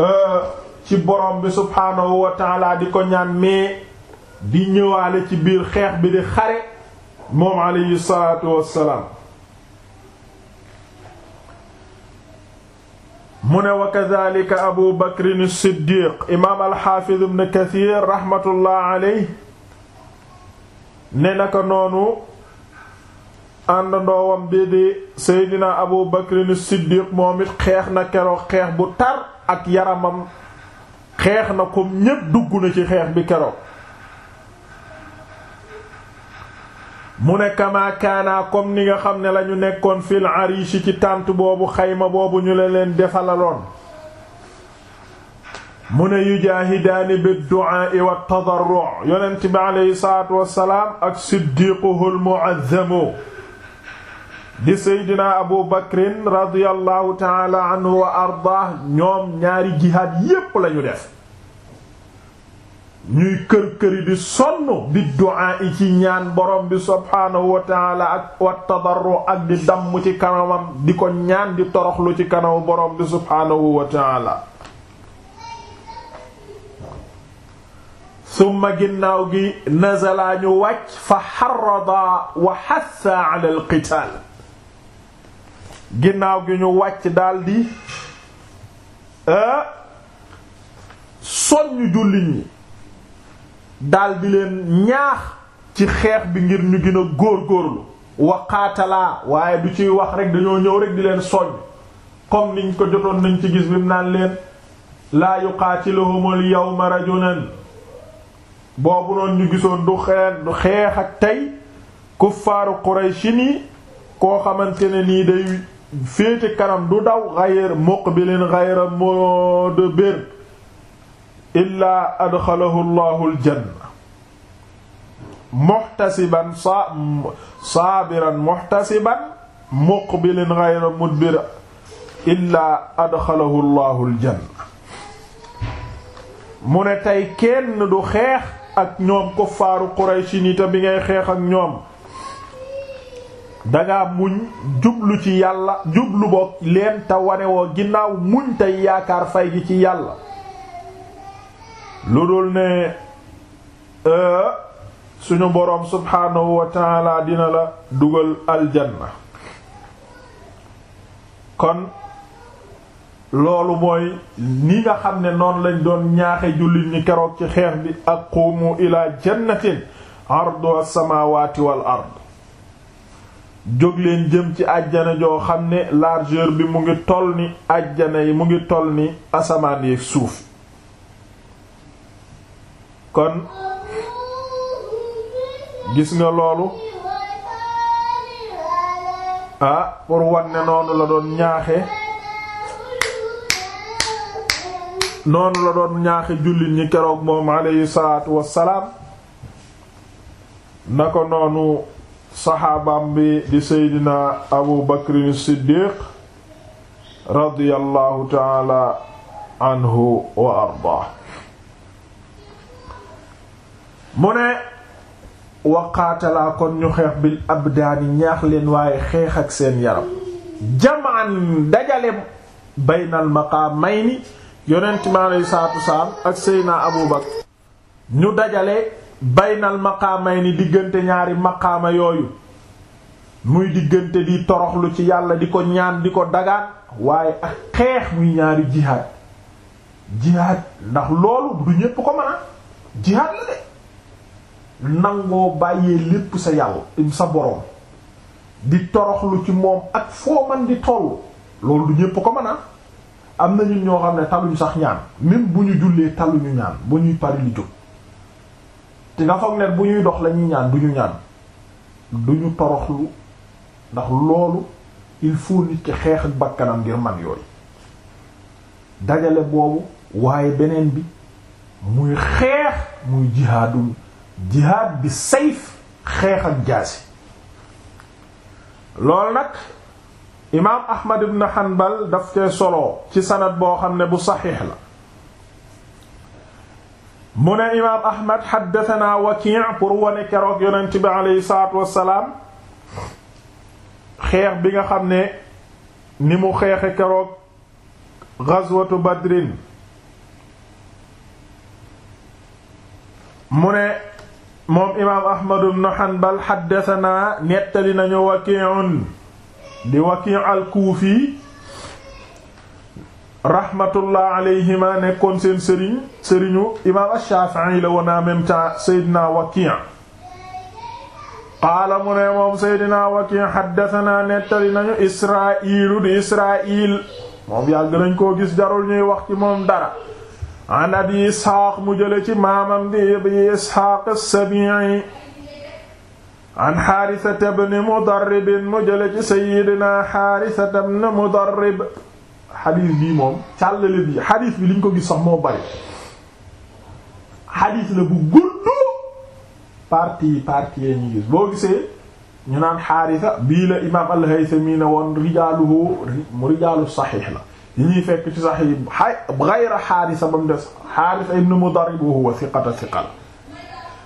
[SPEAKER 1] euh, ci borom bi subhaanahu wa di ko ñaan mais di ñëwaale ci biir xeex bi di xare moom mu ne wa kadhalika abu bakrin as-siddiq imaam al-hafiz ibn kathir rahmatullah ne naka noonu àndandoowam bi di seydina abu bakrin as moom it xeex na keroog xeex bu tar ak yaramam xeex na kom ñépp dugg na ci xeex bi keroog mu ne kamaa kaana comme ni nga xam ne la ñu nekkoon fil arishi ci tànt boobu xayma boobu ñu la leen defalaloon mu ne yujaahidaani biddu'aa'i wa tadarru' yonent bi aleyhi salaatu salaam ak siddiquhul mu'azzamu di seydina abu bakrin radiyallahu taala anhu wa ardaah ñoom ñaari jihaad yépp lañu def ñuy kër këri di sonn di du'a yi ci ñaan borom bi subhaanahu wa taala ak wa tadarru ak di damm ci kanamam di ko ñaan di toroxlu ci kanamu borom bi subhaanahu wa taala summa ginnaaw gi nazala ñu wàcc fa xarada wa xassa ala alqitaal ginnaaw gi ñu wàcc daldi eh, soññ jullit ñi daal di leen ñaax ci xeex bi ngir ñu gën a góorgóorlu waqaatalaa waaye du ciy wax rek dañoo ñëw rekk di leen soññ comme niñ ko jotoon nañ ci gis bi naan leen laa yuqaatiluhumul yawma rajulun boobu noonu ñu gisoon du xeex du xeex ak tey kuffaaru Qurayshi nii koo xamante ne nii day féete kanam du daw bi leen muqbilin ghayra mudbir illaa adxalahu allahu aljanna muhtasiban saabiran muhtasiban muqbilin ghayra mudbir illaa adxalahu allahu aljanna mu ne tey kenn du xeex ak ñoom kuffaaru Qurayshi ni te bi ngay xeex ak ñoom danga muñ jublu ci yàlla jublu boog leen te wane woo ginnaaw muñ tey yaakaar fay gi ci yàlla lu dul ne e, suñu boroom subhaanahu wa dina la dugal aljanna kon loolu mooy ni nga xam ne noonu lañ doon ñaaxe jullit ñi keroog ci xeex bi ak qumu ila jannatin ardu as-samawati wal ard jóg leen jëm ci àjjana joo xam ne largeur bi mu ngi toll ni àjjana yi mu ngi toll ni asamaan yi suuf kon gis nga loolu ah pour wan ne noonu la doon ñaaxe noonu la doon ñaaxe jullit ñi keroog moom alayhi salaatu wassalaam na ko noonu saxaabam bi di seydina abu bakrin siddiq radiyallahu taala anhu wa ardaa mu ne waqaatalaa kon ñu xeex ab abdaani ñaax leen waaye xeex ak seen yaram jamaan dajale baynal maqaamayni yonent mi aleyhi salaatu salaam ak Seyna Abubakar ñu dajale baynal ni diggante ñaari maqaama yooyu muy diggante di toroxlu ci yàlla di ko ñaan di ko dagaat waaye ak xeex muy ñaari jihaad jihaad ndax loolu du ñépp ko mën a la de nangoo bàyyee lépp sa yàlla sa boroom di toroxlu ci moom ak foo man di tollu loolu du ñépp ko mën a am na ñun ñoo xam ne taluñu sax ñaan même bu ñu jullee taluñu ñaan bu ñuy pari li jóg te nga foog ne bu ñuy dox lañuy ñaan duñu ñaan duñu ñu toroxlu ndax loolu il faut nit ki xeex ak bakkanam ngir man yooyu dajale boobu waaye beneen bi muy xeex muy jihaadul jihaad bi sayf xeex ak jaasi lool nag imaam ahmad ibn hanbal daf cee solo ci sanad boo xam ne bu saxiix la mu ne imaam ahmad xaddatanaa waki' pour wane keroog yonent bi aleyhi salaatu wassalaam xeex bi nga xam ne ni mu xeexe keroog gazwatu badrin mu ne moom imaam ahmadu bnu hanbal xaddatanaa nettali nañu wakiun di wakiu alkuufi rahmatullah alayhima nekkoon seen sëriñu imaam ashafii la woon en même temps seydina waki qaala mu ne moom seydina waki xaddatanaa nettali nañu israilu di israil moom yàgg nañ koo gis jarul ñuy wax ci moom dara an abi isxaaq mu jële ci maamam di abi isxaaq as-sabi'i an xaarisata bni mudarribin mu jële ci sayidina xaarisata bni mudarrib xadiis bii moom càllale bi xadiis bi liñ ko gis sax moo bari xadiis la bu gudd partie partie ñu gis boo gisee ñu naan xaarisa bii la imaam al-Haythami ne woon rijaaluhu mu rijaalu saxiix la yi ñuy fekk ci sax yi xayra xaarisa ba mu des xaarisa ibn mudarrib wa huwa siqata siqal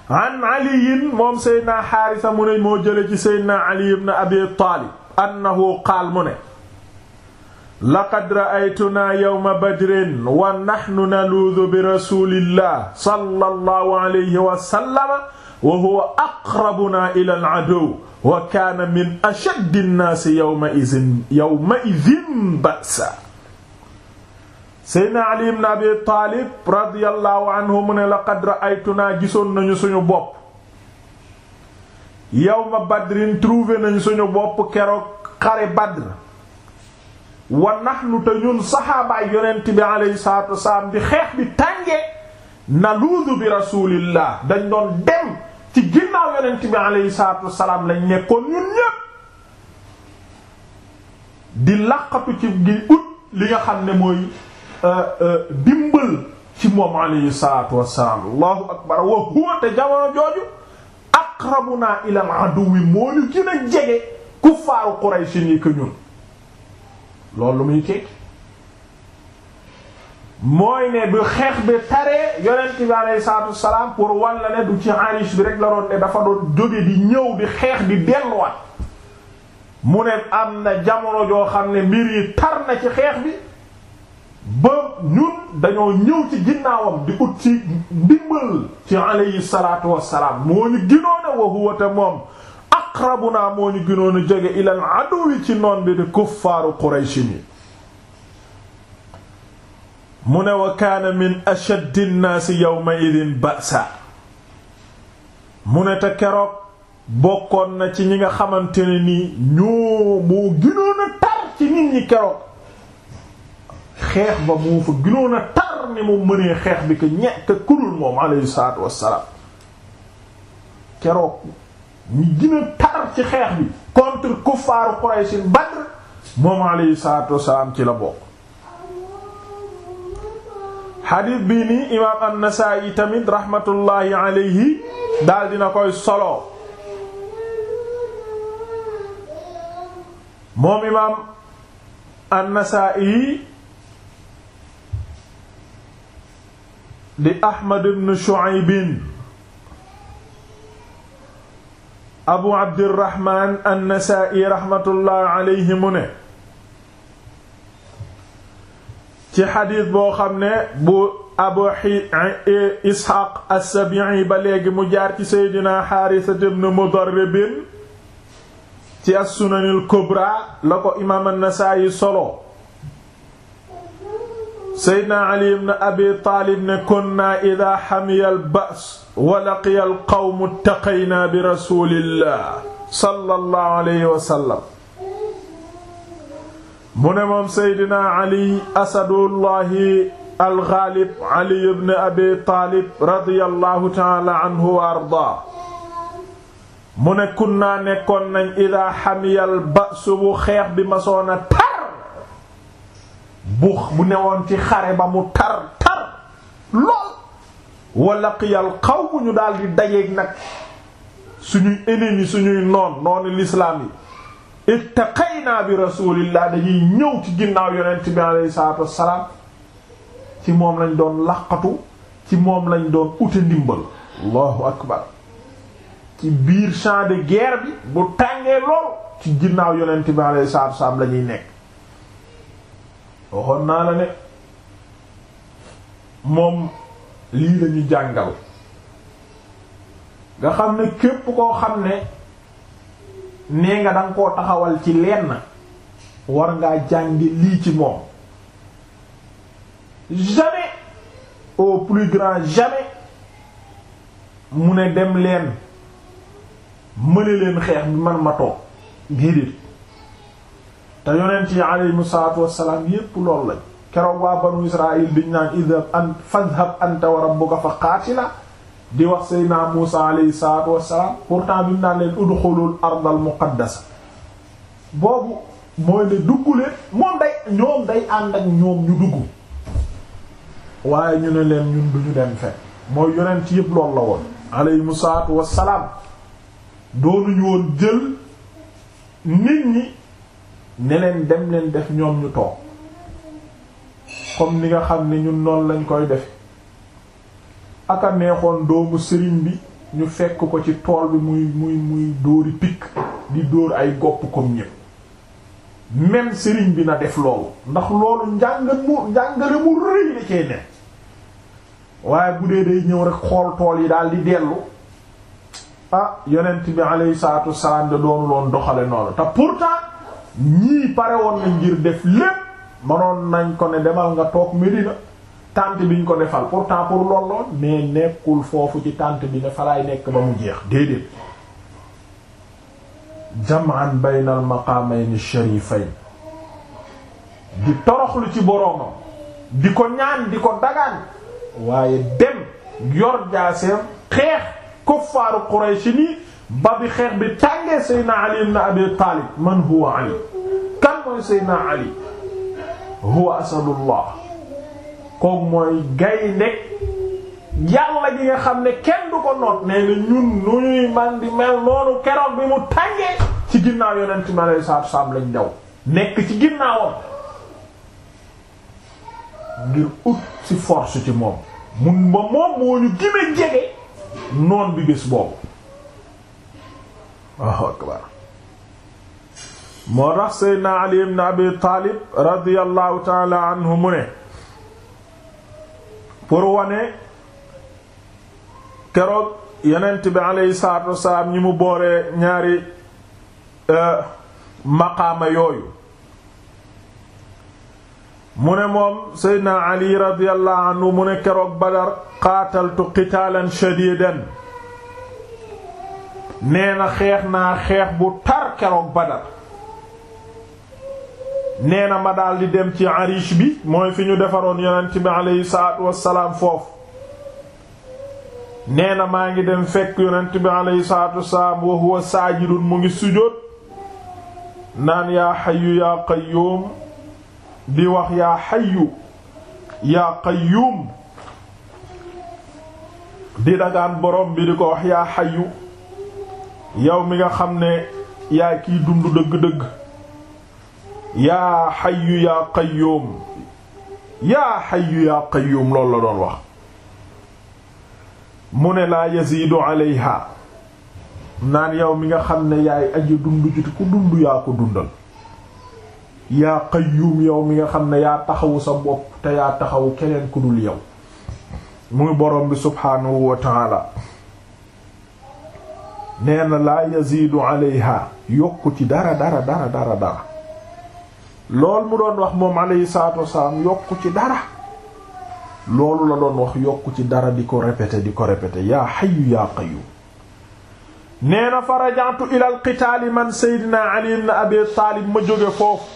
[SPEAKER 1] an aliyin moom seydna xaarisa mu ne moo jële ci seydna ali ibn abi taalib annahu qaal mu ne laqad ra'aytunaa yawma badrin wa nahnu naluudu bi rasulillah sallallahu alayhi wa sallama wa huwa aqrabunaa ila al-aduw wa kaana min ashaddi an-naasi yawma idhin yawma idhin ba'sa seydna ali ibn abi taalib radiyallahu anhu mu ne laqad ra'aytunaa gisoon nañu suñu bopp yawma badrin trouvé nañu suñu bopp keroog xare badr wa nahnu te ñun saxaabaay yonent bi aleyhi salaatu wasalaam bi xeex bi tànge naluudu bi rasulillah dañ doon dem ci ginnaaw yonent bi aleyhi salaatu wasalaam lañ nekkoon ñun ñépp di laqatu ci gi ut li nga xam ne mooy dimbal ci moom alayhi salaatu wassalaam akbar wa huwa jamono jooju aqrabuna ila al-aduwi moo ñu gën a jege kuffaaru Quraysh ni que ñun loolu muy teg mooy ne bu xeex bi taree yonent bi alayhi salaatu wassalaam pour wan la du ci Arish bi rek la doon ne dafa doon jóge di ñëw bi xeex bi delluwaat mu ne am na jamono joo xam ne mbir yi tar na ci xeex bi ba ñun dañoo ñëw ci ginnaawam di ut ci ndimbal ci alayhi salaatu wassalaam moo ñu ginoon wa huwa te moom aqrabuna moo ñu ginoon a jege ilal ci noon bi di kuffaaru qurayshi ni mu ne wa kaana min ashaddi nnaasi yawma idin ba'sa mu ne te keroog bokkoon na ci ñi nga xamante ne nii ñoo moo ginoon a ci nit ñi keroog xeex ba moo fa ginoon a tar ni mu mënee xeex bi ko ñekk kudul moom alayhi salaatu wassalaam keroog ñi gën tar ci xeex bi contre kuffaaru Quraysin Badr moom alayhi salaatu wassalaam ci la bokk xadiis bii nii imaam an-Nasaa'i tamit raxmatullaahi alayhi daal dina koy solo moom imaam an-Nasaa'i di Ahmad ibn Shu'ayb Abu Abdirrahman an-Nasaa'i rahmatullah alayhi ne ci xadiis boo xam ne bu Abu eh, Isxaaq as-Sabi'i ba léegi mu jaar ci Seydina Haarisa ibn Mudarrib ci as-Sunan al-Kubra la ko imaam an-Nasaa'i solo seydna ali ibn abi taalib ne kunna ida xamiya al ba's wa laqiya al qawmu taqaynaa bi rasulillah sallallahu alayhi wa sallam mu ne moom seydna ali asadullahi al ghalib ali ibn abi taalib radiyallahu taala anhu wa ardaa mu ne kunna nekkoon nañ ida xamiyal ba's bu xeex bi masoona ta bu ne woon ci xare ba mu tar tar lool wala qiyal xaw ñu daldi di nag suñuy ennemis suñuy noon noonu l'islam yi ittaqayna bi rasulillah dañuy ñëw ci ginnaaw yonent bi alayhi salaatu wassalaam ci moom lañ doon laqatu ci moom lañ doon ute ndimbal allahu akbar ci biir champ de bi bu tàngee lool ci ginnaaw yonent bi alayhi salaatu wassalaam la nekk waxoon naa la ne moom lii lañu jàngal nga xam ne képp koo xam ne nee nga danga koo taxawal ci na war ngaa jàngi lii ci moom jamais au plus grand jamais mu ne dem leen mëne leen xeex bi man ma toog déedéet te yonent yi aleyhim salaatu wassalaam yépp loolu lañ keroog waa banu israil biñ naan idhab an fadhhab anta wa rabbuka fa qaatila di wax seydna Muusa aleyhi salaatu wassalaam pourtant bimu naan leen udxulul ardal muqaddasa boobu mooy ne dugg leen moom day ñoom day ànd ak ñoom ñu dugg waaye ñu ne leen ñun duñu dem fekk mooy yonent yépp loolu la woon aleyhim salaatu wassalaam doonuñu woon jël nit ñi ne dem leen def ñoom ñu toog comme ni nga xam ne ñun noonu lañ koy def ak a neexoon doomu sëriñ bi ñu fekk ko ci tool bi muy muy muy dóori pikk di dóor ay gopp comme ñépp même sëriñ bi na def loolu ndax loolu njànga mu njàngale mu rëy la cee ne waaye bu dee day ñëw rek xool tool yi daal di dellu ah yonent bi alayhi salaatu wasalaam da doonu loon doxale noonu te pourtant ñii pare woon nañ ngir def lépp manoon nañ ko ne demal nga toog Medina tànt biñ ko defal pourtant pour lool mais nekkul foofu ci tànt bi ne falaay nekk ba mu jeex déedéet jamaan bayna al maqaamayn sharifayn di toroxlu ci boroomam di ko ñaan di ko dagaan waaye dem yor jaaseem xeex kuffaaru Quraysh nii ba bi xeex bi tàngee Seydina Ali ibn Abi man huwa Ali kan mooy Seydina Ali huwa asadullah kooku mooy gaynde yàlla gi nga xam ne kenn du ko noot nee na ñun nu ñuy man di mel noonu keroog bi mu tàngee ci ginnaaw yonent mi alayhi salaatu lañ daw nekk ci ginnaawam ngir ut ci force ci moom mun ba moom moo ñu gën a noon bi bés boobu waaw akbar moo tax seydna ali ibn abi taalib radiallahu taala anhu mu ne pour wane keroog yonent bi aleyhi salaatu wasalaam ñi mu booree ñaari e, maqaama yooyu mu ne moom seydna ali radiallahu anhu mu ne keroog badar qaataltu qitaalan shadiidan nee na xeex naa xeex bu tar keroog Badar nee na ma daldi dem ci Arish bi mooy fi ñu defaroon yonent bi aleyhi salaatu wassalaam foofu nee na maa ngi dem fekk yonent bi aleyhi salaatu wassalaam wa huwa mu ngi sujjóot naan yaa xayyu yaa qayyuum di wax yaa xayyu yaa qayyuum di dagaan borom bi di ko wax yaa xayyu yow mi nga xam ne yaa kiy dund dëgg-dëgg yaa xayyu yaa qayyum yaa xayyu yaa qayyum loolu la doon wax mu ne laa yaziidu alayha naan yow mi nga xam ne yaay aji dund ci ku dund yaa ko dundal yaa qayyum yow mi nga xam ne yaa taxawu sa bopp te yaa taxawu keneen ku dul yow muy borom bi subhaanahu wa taala nee na laa yazidu alayha yokku ci dara dara dara dara lool mu doon wax moom alayhi salaatu wasalaam yokku ci dara loolu la doon wax yokk ci dara di ko répété di ko répété yaa xayu yaa qayyum nee na fa rajantu qitaali man seydina ali ibn abi ma jóge foofu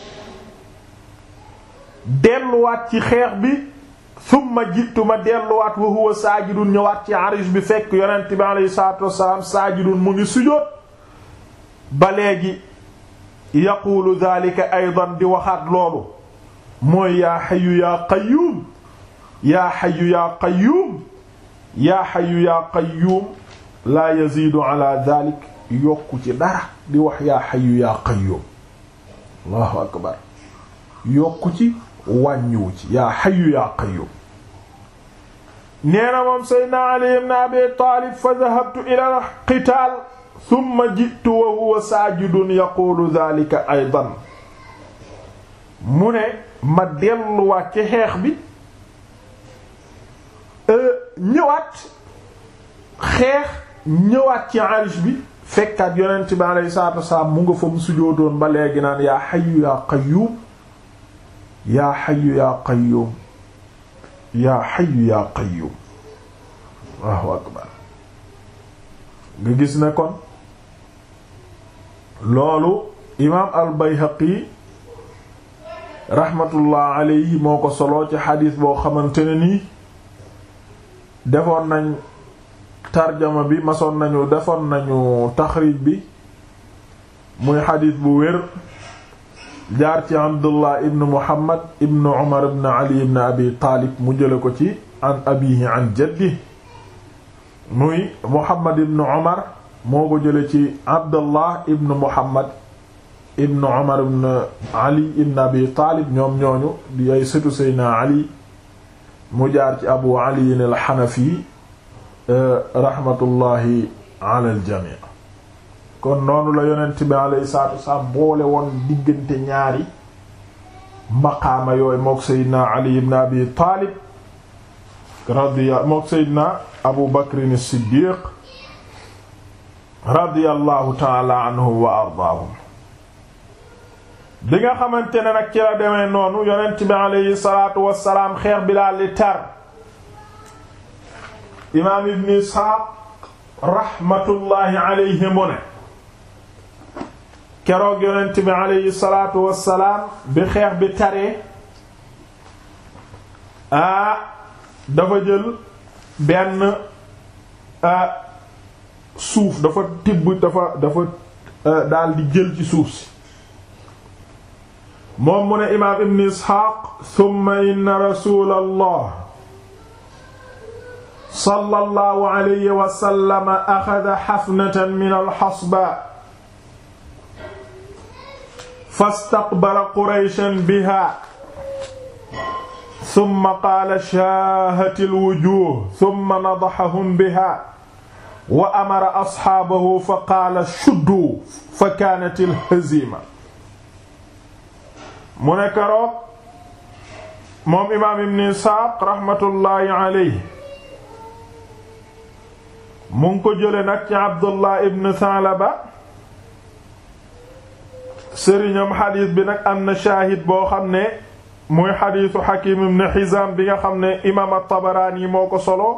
[SPEAKER 1] delluwaat ci xeex bi thumma jiitu ma delluwaat wa huwa saajidun ñëwaat ci arish bi fekk yonent bi alayhi salaatu wassalaam saajidun mu ngi sujóot ba léegi yaquulu dhalika aydan di waxaat loolu mooy yaa hayyu yaa qayyuum yaa hayyu yaa qayyuum yaa hayyu yaa qayyuum laa yaziidu ala dhalik yokku ci dara di wax yaa hayyu yaa qayyuum allahu akbar yokku ci wàññiwu ci yaa xayu yaa qayyum nee na moom seydna ali ibn abi taalib fa dahabtu ila alqitaal thumma ji'tu wa huwa saajidun yaqulu dhalika aydan mu ne ma delluwaat ci xeex bi e, ñëwaat xeex ñëwaat ci arish bi fekkaat yonent bi alayhi salaatu wasalaam mu nga fa mu sujoodoon ba léegi naan yaa xayu yaa qayyum yaa xayu yaa qayyum yaa xayu yaa qayyum Allahu akbar nga gis ne kon loolu imaam al-Bayhaqi rahmatullah alayhi moo ko solo ci xadiis boo xamante ne nii defoon nañ tarjama bi masoon nañu defoon nañu taxriij bi muy xadiis bu wér jaar ci abdullah ibn muhammad ibn umar ibn ali ibn abi taalib mu jële ko ci an abihi an jaddi muy muhammad ibn umar moo ko jële ci abdullah ibn muhammad ibn umar ibn ali ibn abi taalib ñoom ñooñu di ay sëtu seyna ali mu jaar ci abu ali al xanafi rahmatullahi ala al jamii kon noonu la yonent bi alayhi salaatu wasalaam boole woon diggante ñaari maqaama yooyu mook seydina ali ibn abi taalib radiya mook seydina abu bakrin siddiq radiallahu taala anhum wa ardaahum bi nga xamante ne nag ci la demee noonu yonent bi alayhi salaatu wasalaam xeex bilaal li tar imaam ibn isxaaq rahmatullahi alayhi ne keroog yonent bi aleyhi salaatu wassalaam bi xeex bi taree ah dafa jël benn suuf dafa tibb dafa dafa daldi jël ci suuf si moom mu ne imaam ibn isxaaq summa inna rasuulallah sallallahu alayhi wa sallam axada xafnatan min alxasba fastaqbala qurayshan biha summa qaala shaahatil wujuuh summa nadahahum biha wa amara asxaabahu fa qaala shudduu fa kaanatil haziima mu ne keroog moom imaam ibn Isxaaq raxmatullaahi alayhi mu ngi ko jële nag ci Abdullah ibn Saalaba sëriñam xadiis bi nag am na shaahid boo xam ne muy xadiisu Hakim ibn Hizam bi nga xam ne imaam at-Tabaraani moo ko solo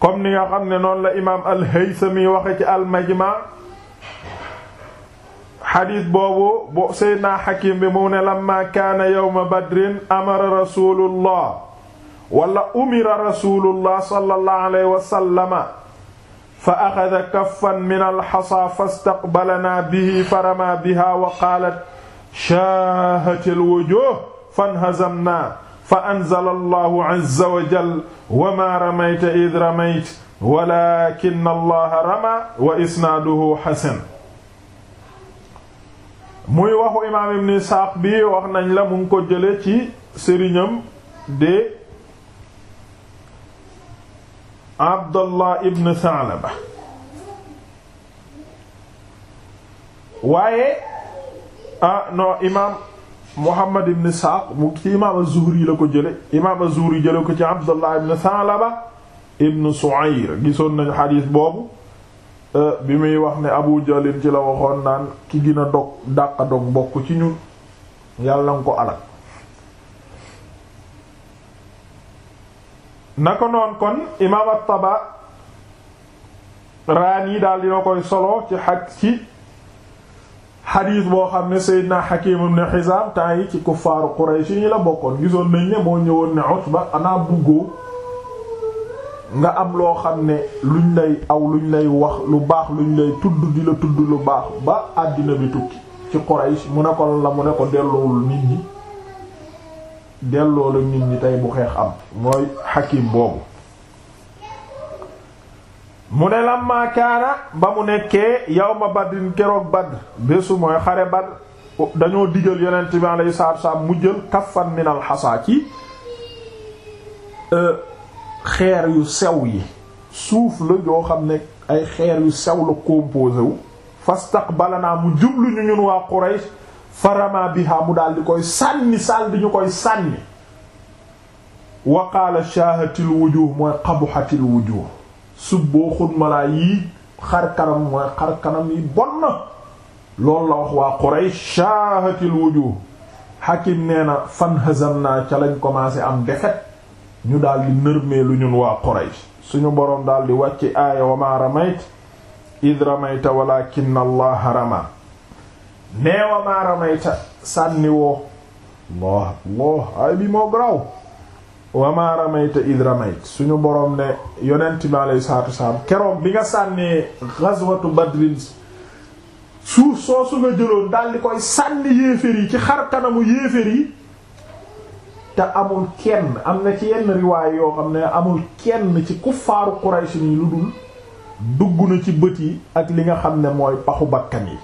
[SPEAKER 1] comme ni nga xam ne noonu la imaam al-Haythami waxe al-Majma xadiis boobu bu Seydina Hakim bi mu ne lamma kaana yawma badrin amara rasulullah wala umira rasulullah sallallahu alayhi wa sallama fa axada kaffan min alxasa fastaqbalanaa bihi faramaa biha wa qaalat shaahat alwujuh fanhazamnaa fa anzala allahu azza wa jal wa maa ramayta id ramayta walaakinna allaha ramaa wa isnaaduhu hasan muy waxu imaam ibn Isxaaq bi wax nañ la mu ngi ko jële ci sëriñam de Abdallah ibn Thalaba waaye a ah, non imaam Muhammad ibn Isxaaq mu ci imaam az-Zuhri la ko jële imaam az-Zuhri jële ko ci Abdallah ibn Thalaba ibn Su'ayr gisoon nañu xadiis boobu eh, bi muy wax ne Abu Jahl ci la waxoon naan ki gën dog dàq dog bokk ci ñun yàlla nga ko alal naka noon kon imaam at-Tabaraani daal dina koy solo ci xaj ci xadiis boo xam ne Seydina Hakim ibn Hizam temps yi ci kuffaaru Quraysh yi ñu la bokkoon gisoon nañ ne moo ñëwoon ne Utba anaa buggoo nga am loo xam ne luñ lay aw luñ lay wax lu baax luñ lay tudd di tudd lu baax ba àddina bi tukki ci Quraysh mu ne la mu ne ko delloowul nit ñi delloo la nit ñi tey bu xeex am mooy xakim boobu mu ne lamma ba mu nekkee yawma badrin keroog badr bésu mooy xare badr dañoo digal yonent bi alayhi salaatu salaam mu jël kaffan minal xasaa ci euh, xeer yu sew yi suuf la yoo xam ne ay xeer yu sew la composé wu naa mu jublu ñu ñun waa Quraysh farama biha mu daal di koy sànni sal di ñu koy sànni wa qaala shaahatil wujuh mooy qabuhatil wujuh subboo xunmalaa yii xar kanam mooy xar kanam yi bon na loolu la wax waa Quraysh shaahatil wujuh hakim nee na fan hazamna ca lañ commencé am defet ñu daal di nërmee lu ñun waa Quraysh suñu boroom daal di wàcc aaya wa ma ramayt id ramayta walakinna allaha rama neewa maa sànni woo allah allah ay bi moo graw wa maa suñu borom ne yonent bi alayhi salaatu wasalaam keroog bi nga sànnee ghazwatu badrin suuf soosu nga jëloon daal koy sànni yéeféer yi ci xar kanamu yéeféer yi te amul kenn am na ci yenn riwaay yoo xam ne amul kenn ci kuffaaru Quraysh ni lu dul dugg na ci bët yi ak li nga xam ne mooy paxu bakkan yi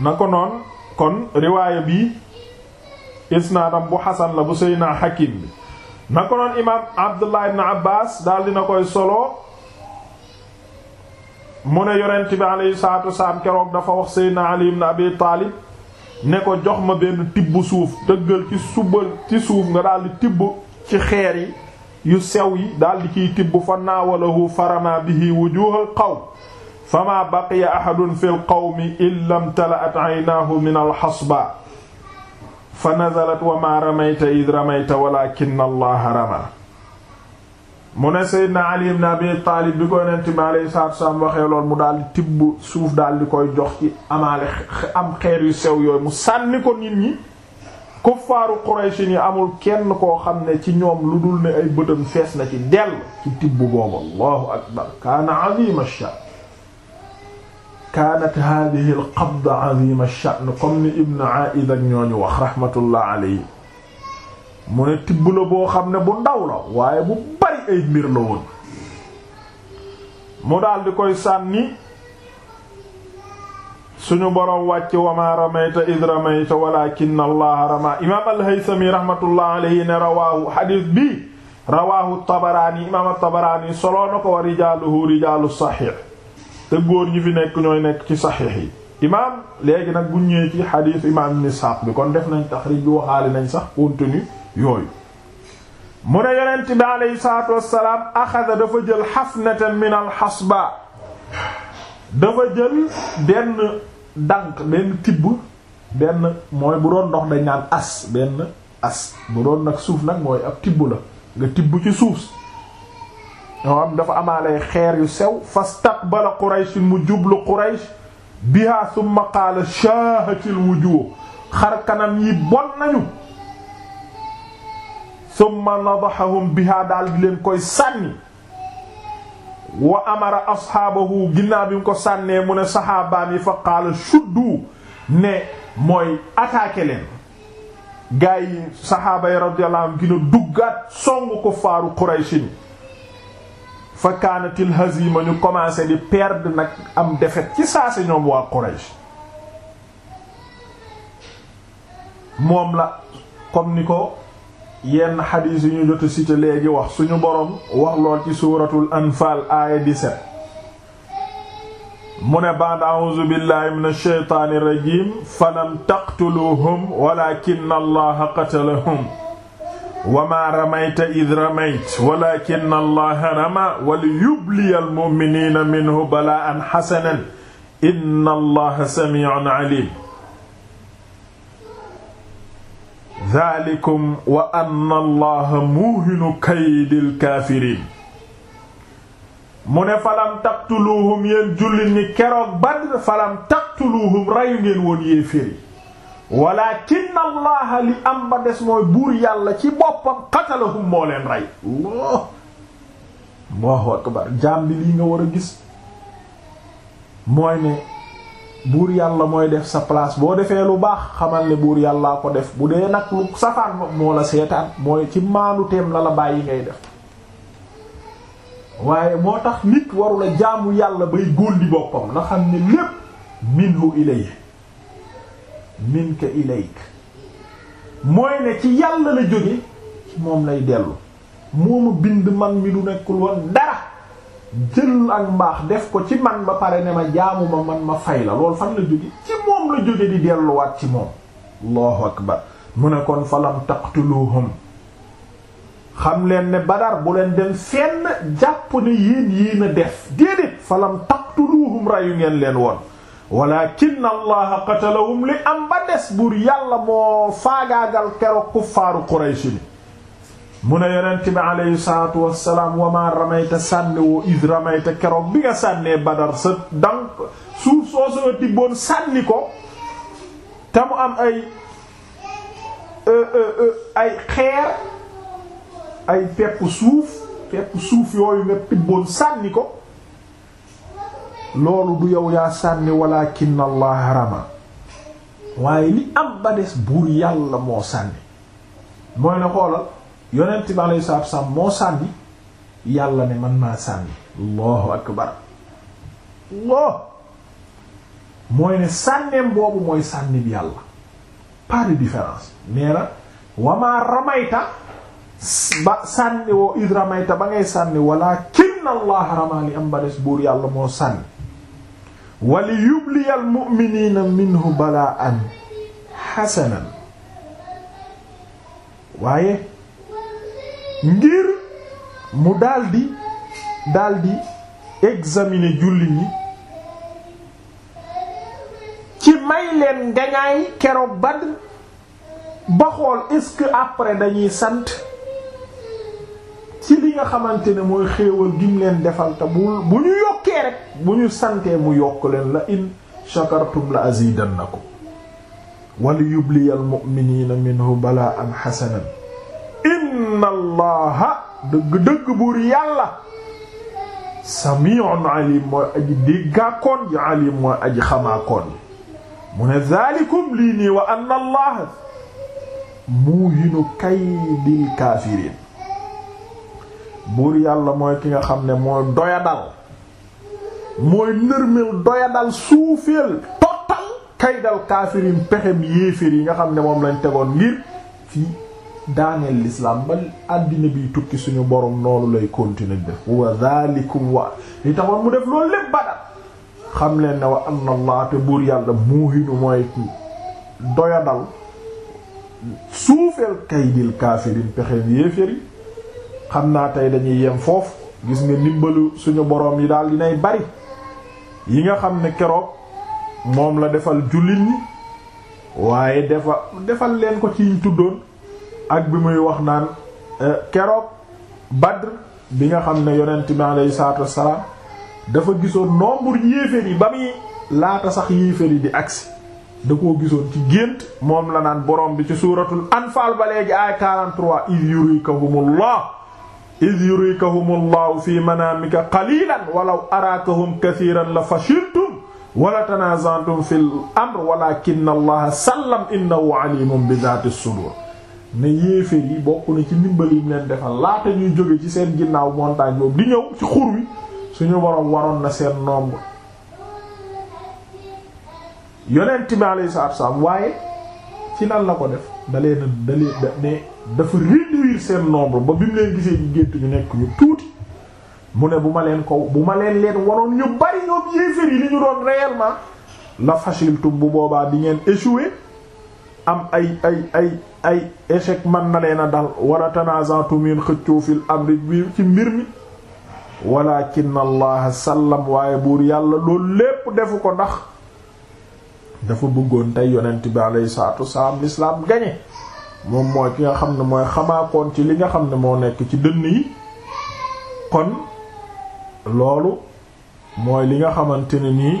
[SPEAKER 1] na ko noon kon riwaaya bi isnaadam bu xasan la bu seydna hakim bi na ko noon imaam abdullah ibn abbas daal dina koy solo mu ne yonent bi alayhi salaatu wasalaam keroog dafa wax seydna ali ibn abi ne ko jox ma benn tibb suuf dëggal ci subbal ci suuf nga daal tibb ci xeer yi yu sew yi daldi di kiy tibb fa naawalahu bi bihi wujuhal xaw fama baqiya ahadun fi lqawmi illa mtala'at aynaahu min alxasba fa nazalat wa ma ramayta id ramayta walakin allaha rama mu ne seydna ali ibn abi taalib bi ko yonent bi alayhi salaatu wasalaam waxee lool mu daal di tibb suuf daal di koy jox ci amaale am xeer yu sew yooyu mu sànni ko nit ñi kuffaaru Quraysh ni amul kenn koo xam ne ci ñoom lu dul ne ay bëtam fees na ci dell ci tibb boobu allahu akbar kaana azima sha kaanat hadihi al qabda azima sha'n comme ni ibn aid ak ñooñu wax rahmatullah alayhi mu ne tibb la boo xam ne bu ndaw la waaye bu bari ay mbir la woon mu daal di koy sànni suñu boroom wàcc wa ma ramayta id ramayta walakin allaha rama imaam alhaythami rahmatullah alayhi ne rawaahu xadiis bi rawaahu tabaraani imaam tabaraani soloo na ko wa rijaaluhu rijaalu saxiix te góor ñi fi nekk ñooy nekk ci saxiix yi imaam léegi nag bu ñëwee ci xadiis imaam ibn bi kon def nañ taxriij bi waxaale nañ sax contenu yooyu mu ne yonent bi aleyhi salaatu wassalaam axada dafa jël xafnatan min al xasba dafa jël benn dànk benn tibb benn mooy bu doon ndox dañ naan as benn as bu doon nag suuf nag mooy ab tibb la nga tibb ci suuf ñoo am dafa amaalay xeer yu sew fastaqbala Quraysh mu jublu Quraysh biha summa qaala shaahatil wujuh xar kanam yi bon nañu summa nadahahum biha daal di leen koy sànni wa amara asxaabahu ginnaaw bi mu ko sànnee mu ne saxaabaam yi fa qaala shuddu ne mooy attaqué leen gaa yi saxaaba yi radiyallahu gina duggaat song ko faaru Quraysh fa kaanatil hazima ñu commencé di perdre nag am défaite ci saase ñoom waa Quraysh moom la comme ni ko yenn xadiis yi ñu jot cité léegi wax suñu borom wax lool ci suuratul anfaal aaya 17 mu ne ba'da a'uuzu billahi min ash-shaytaani rajiim falam taqtuluhum walakinna allaha qatalahum wama ramayta id ramayt walakin allaha rama waliyubliya almuminina minhu balaan xasanan inna allaha samiun alim dalikum wa anna allaha muuhinu kaydil kaafirin mu ne falam taqtuluhum yéen jullit ñi keroog Badr falam taqtuluhum reyu ngeen woon yéeféri walakin allah li am ba des mooy buur yàlla ci boppam qatalahum moo leen rey allah allahu akbar jaam bi lii nga war a gis mooy ne buur yàlla mooy def sa place boo defee lu baax xamal ne buur yàllaa ko def bu dee nag lu safaan moo la seetaan mooy ci maanuteem teem la bàyyi ngay def waaye moo tax nit warula jaamu yàlla bay góor di boppam na xam ne lépp minhu ilayhi minka ilayk mooy ne ci yàlla la jóge ci moom lay dellu moomu bind man mi du nekkul woon dara jël ak mbaax def ko ci man ba pare ne ma jaamu man ma fay la loolu fan la jóge ci moom la jóge di delluwaat ci moom allahu akbar mu ne kon falam taqtuluhum xam leen ne badar bu leen dem fenn jàpp ne yéen yéen a def déedéet falam taqtuluhum reyu ngeen leen woon walakin allaha qatalahum li am ba des buur yàlla moo faagaagal keroog kuffaaru Quraysh ni mu ne yonent bi aleyhi salaatu wassalaam wamaa ramayta sànni woo is ramayta keroog bi nga sànnee Badar sa dank suuf soo sa tibboon sànni ko te mu am ay e, e, e, ay xeer ay pepp suuf pepp suuf yooyu nga tibboon sànni ko loolu du yow yaa sànni walakin allah rama waaye li am ba des buur yàlla moo sànni mooy ne xoolal yonent bi alayhi salaatu wassalaam moo sànni yàlla ne man naa sànni allahu akbar allah mooy ne sànneem boobu mooy sànni bi yàlla pas de différence nee na wamaa ramayta ba sànni woo id ramayta ba ngay sànni walakin allah rama li am ba des buur yàlla moo sànni wa li yubliya almu'miniina minhu balaa'an xasanan waaye ngir mu daldi daldi examiner julli yi ci may leen ngañaay keroog Badr ba xool est-ce dañuy sant ci li nga xamante ne mooy xéewal gim leen defal te bu ñu yokkee rek bu ñu santee mu yokk leen la in shakartum la azidannakum wali yubliya almu'minina minhu balaan xasanan inna allaha dëgg-dëgg buur yàlla sami'un alim mooy aji déggaakoon ji alim mooy aji xamaakoon mu ne zalikum lii nii wa anna allaha muhinu kaydil kaafiriin buur yàlla mooy ki nga xam ne mooy doyadal mooy nërmeel doyadal suufeel total kaydal kaafiriin pexem yéeféer yi nga xam ne moom lañ tegoon ngir ci daaneel lislaam ba àddina bi tukki suñu borom noonu lay continuer def wa dhalikum wa li taxoon mu def loolu lépp badal xam leen ne wa anna allah te buur yàlla muuhinu mooy doyadal suufeel kaydil kaafiriin pexem yéeféer yi xam naa tey dañuy yem foofu gis nga ndimbalu suñu boroom yi daal dinay bari yi nga xam ne keroog moom la defal jullit ñi waaye defa defal leen ko ci ñu tuddoon ak bi muy wax naan eh, keroog Badr bi nga xam ne yonent bi alayhi salaatu dafa gisoon nombre yéeféer yi ba muy laata sax yéeféer yi di agsi da koo gisoon ci gént moom la naan borom bi ci suuratul anfaal ba léegi ay 43 iz yurikahumullah id yurikahum llahu fi manaamika qalilan walaw araakahum kathiran la fashiltum wala tanaaza'tum fil amr walakinna allaha sallam innahu alimun bi dhati sudur ne yéeféer yi bokk na ci ndimbal yi leen defal laata ñuy jóge ci seen ginnaaw montagne boobu di ñëw ci xur wi suñu boroom waroon na seen nombre yonent bi alayhi salaatu waaye ci lan la ko def dalee na dalee ne dafa réduire seen nombre ba bi mu leen gisee ñu gént ñu nekkuñu tuuti mu ne bu ma leen ko bu ma leen leen waroon ñu bari ñoom yéefér yi li ñu doon réellement la fashiltum bu boobaa di ngeen échoué am ay ay ay ay échec man na leen a dal wala tanaza'tum ngeen xëccoo fil amri bi ci mbir mi walakin allah sallam waaye buur yàlla loolu lépp defu ko ndax dafa bëggoon tey yonent bi alayhi salatu wassalam moom mooy ki nga xam ne mooy xamaakoon ci li nga xam ne moo nekk ci dënn yi kon loolu mooy li nga xamante ne nii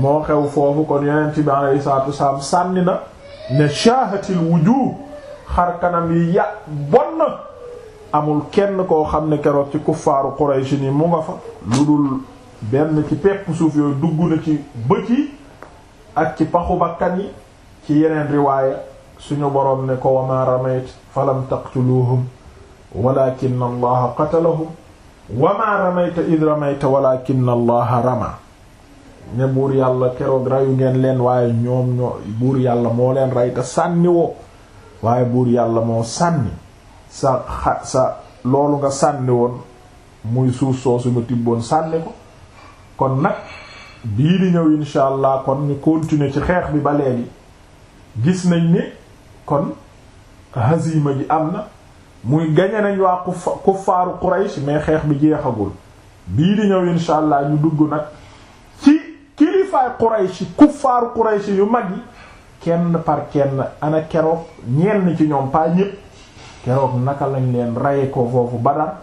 [SPEAKER 1] moo xew foofu kon yonent ci alayhi saatu wasalaam sànni na ne shaahatil wujuh xar kanam yi ya bon na amul kenn koo xam ne keroog ci kuffaaru Quraysh ni mu nga fa lu dul benn ci pepp suuf yooyu dugg na ci bët yi ak ci paxu bakkan yi ci yeneen riwaaya suñu boroom ne ko wa ma falam taqtuluhum walakin allaha qatalahum wa ma ramayta id ramayta walakin allaha rama ne buur yàlla keroog reyu ngeen leen waaye ñoom ñoo buur yàlla moo leen rey te sànni woo waaye buur yàlla moo sànni sa xa sa loolu nga sànni woon muy suuf soosu nga tibboon sànni ko kon nag bii di ñëw insha allah kon ñu continuer ci xeex bi ba léegi gis nañ ni kon hazima ji am na muy gañe nañ waa kuffaaru Quraysh mais xeex bi jeexagul bii di ñëw insha allah ñu dugg nag ci kilifaay Quraysh kuffaaru Quraysh yu mag yi kenn par kenn ana keroog ñenn ci ñoom pas ñépp keroog naka lañ leen raye ko foofu Badar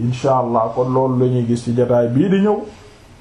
[SPEAKER 1] insha allah kon loolu la ñuy gis ci jotaay bii di ñëw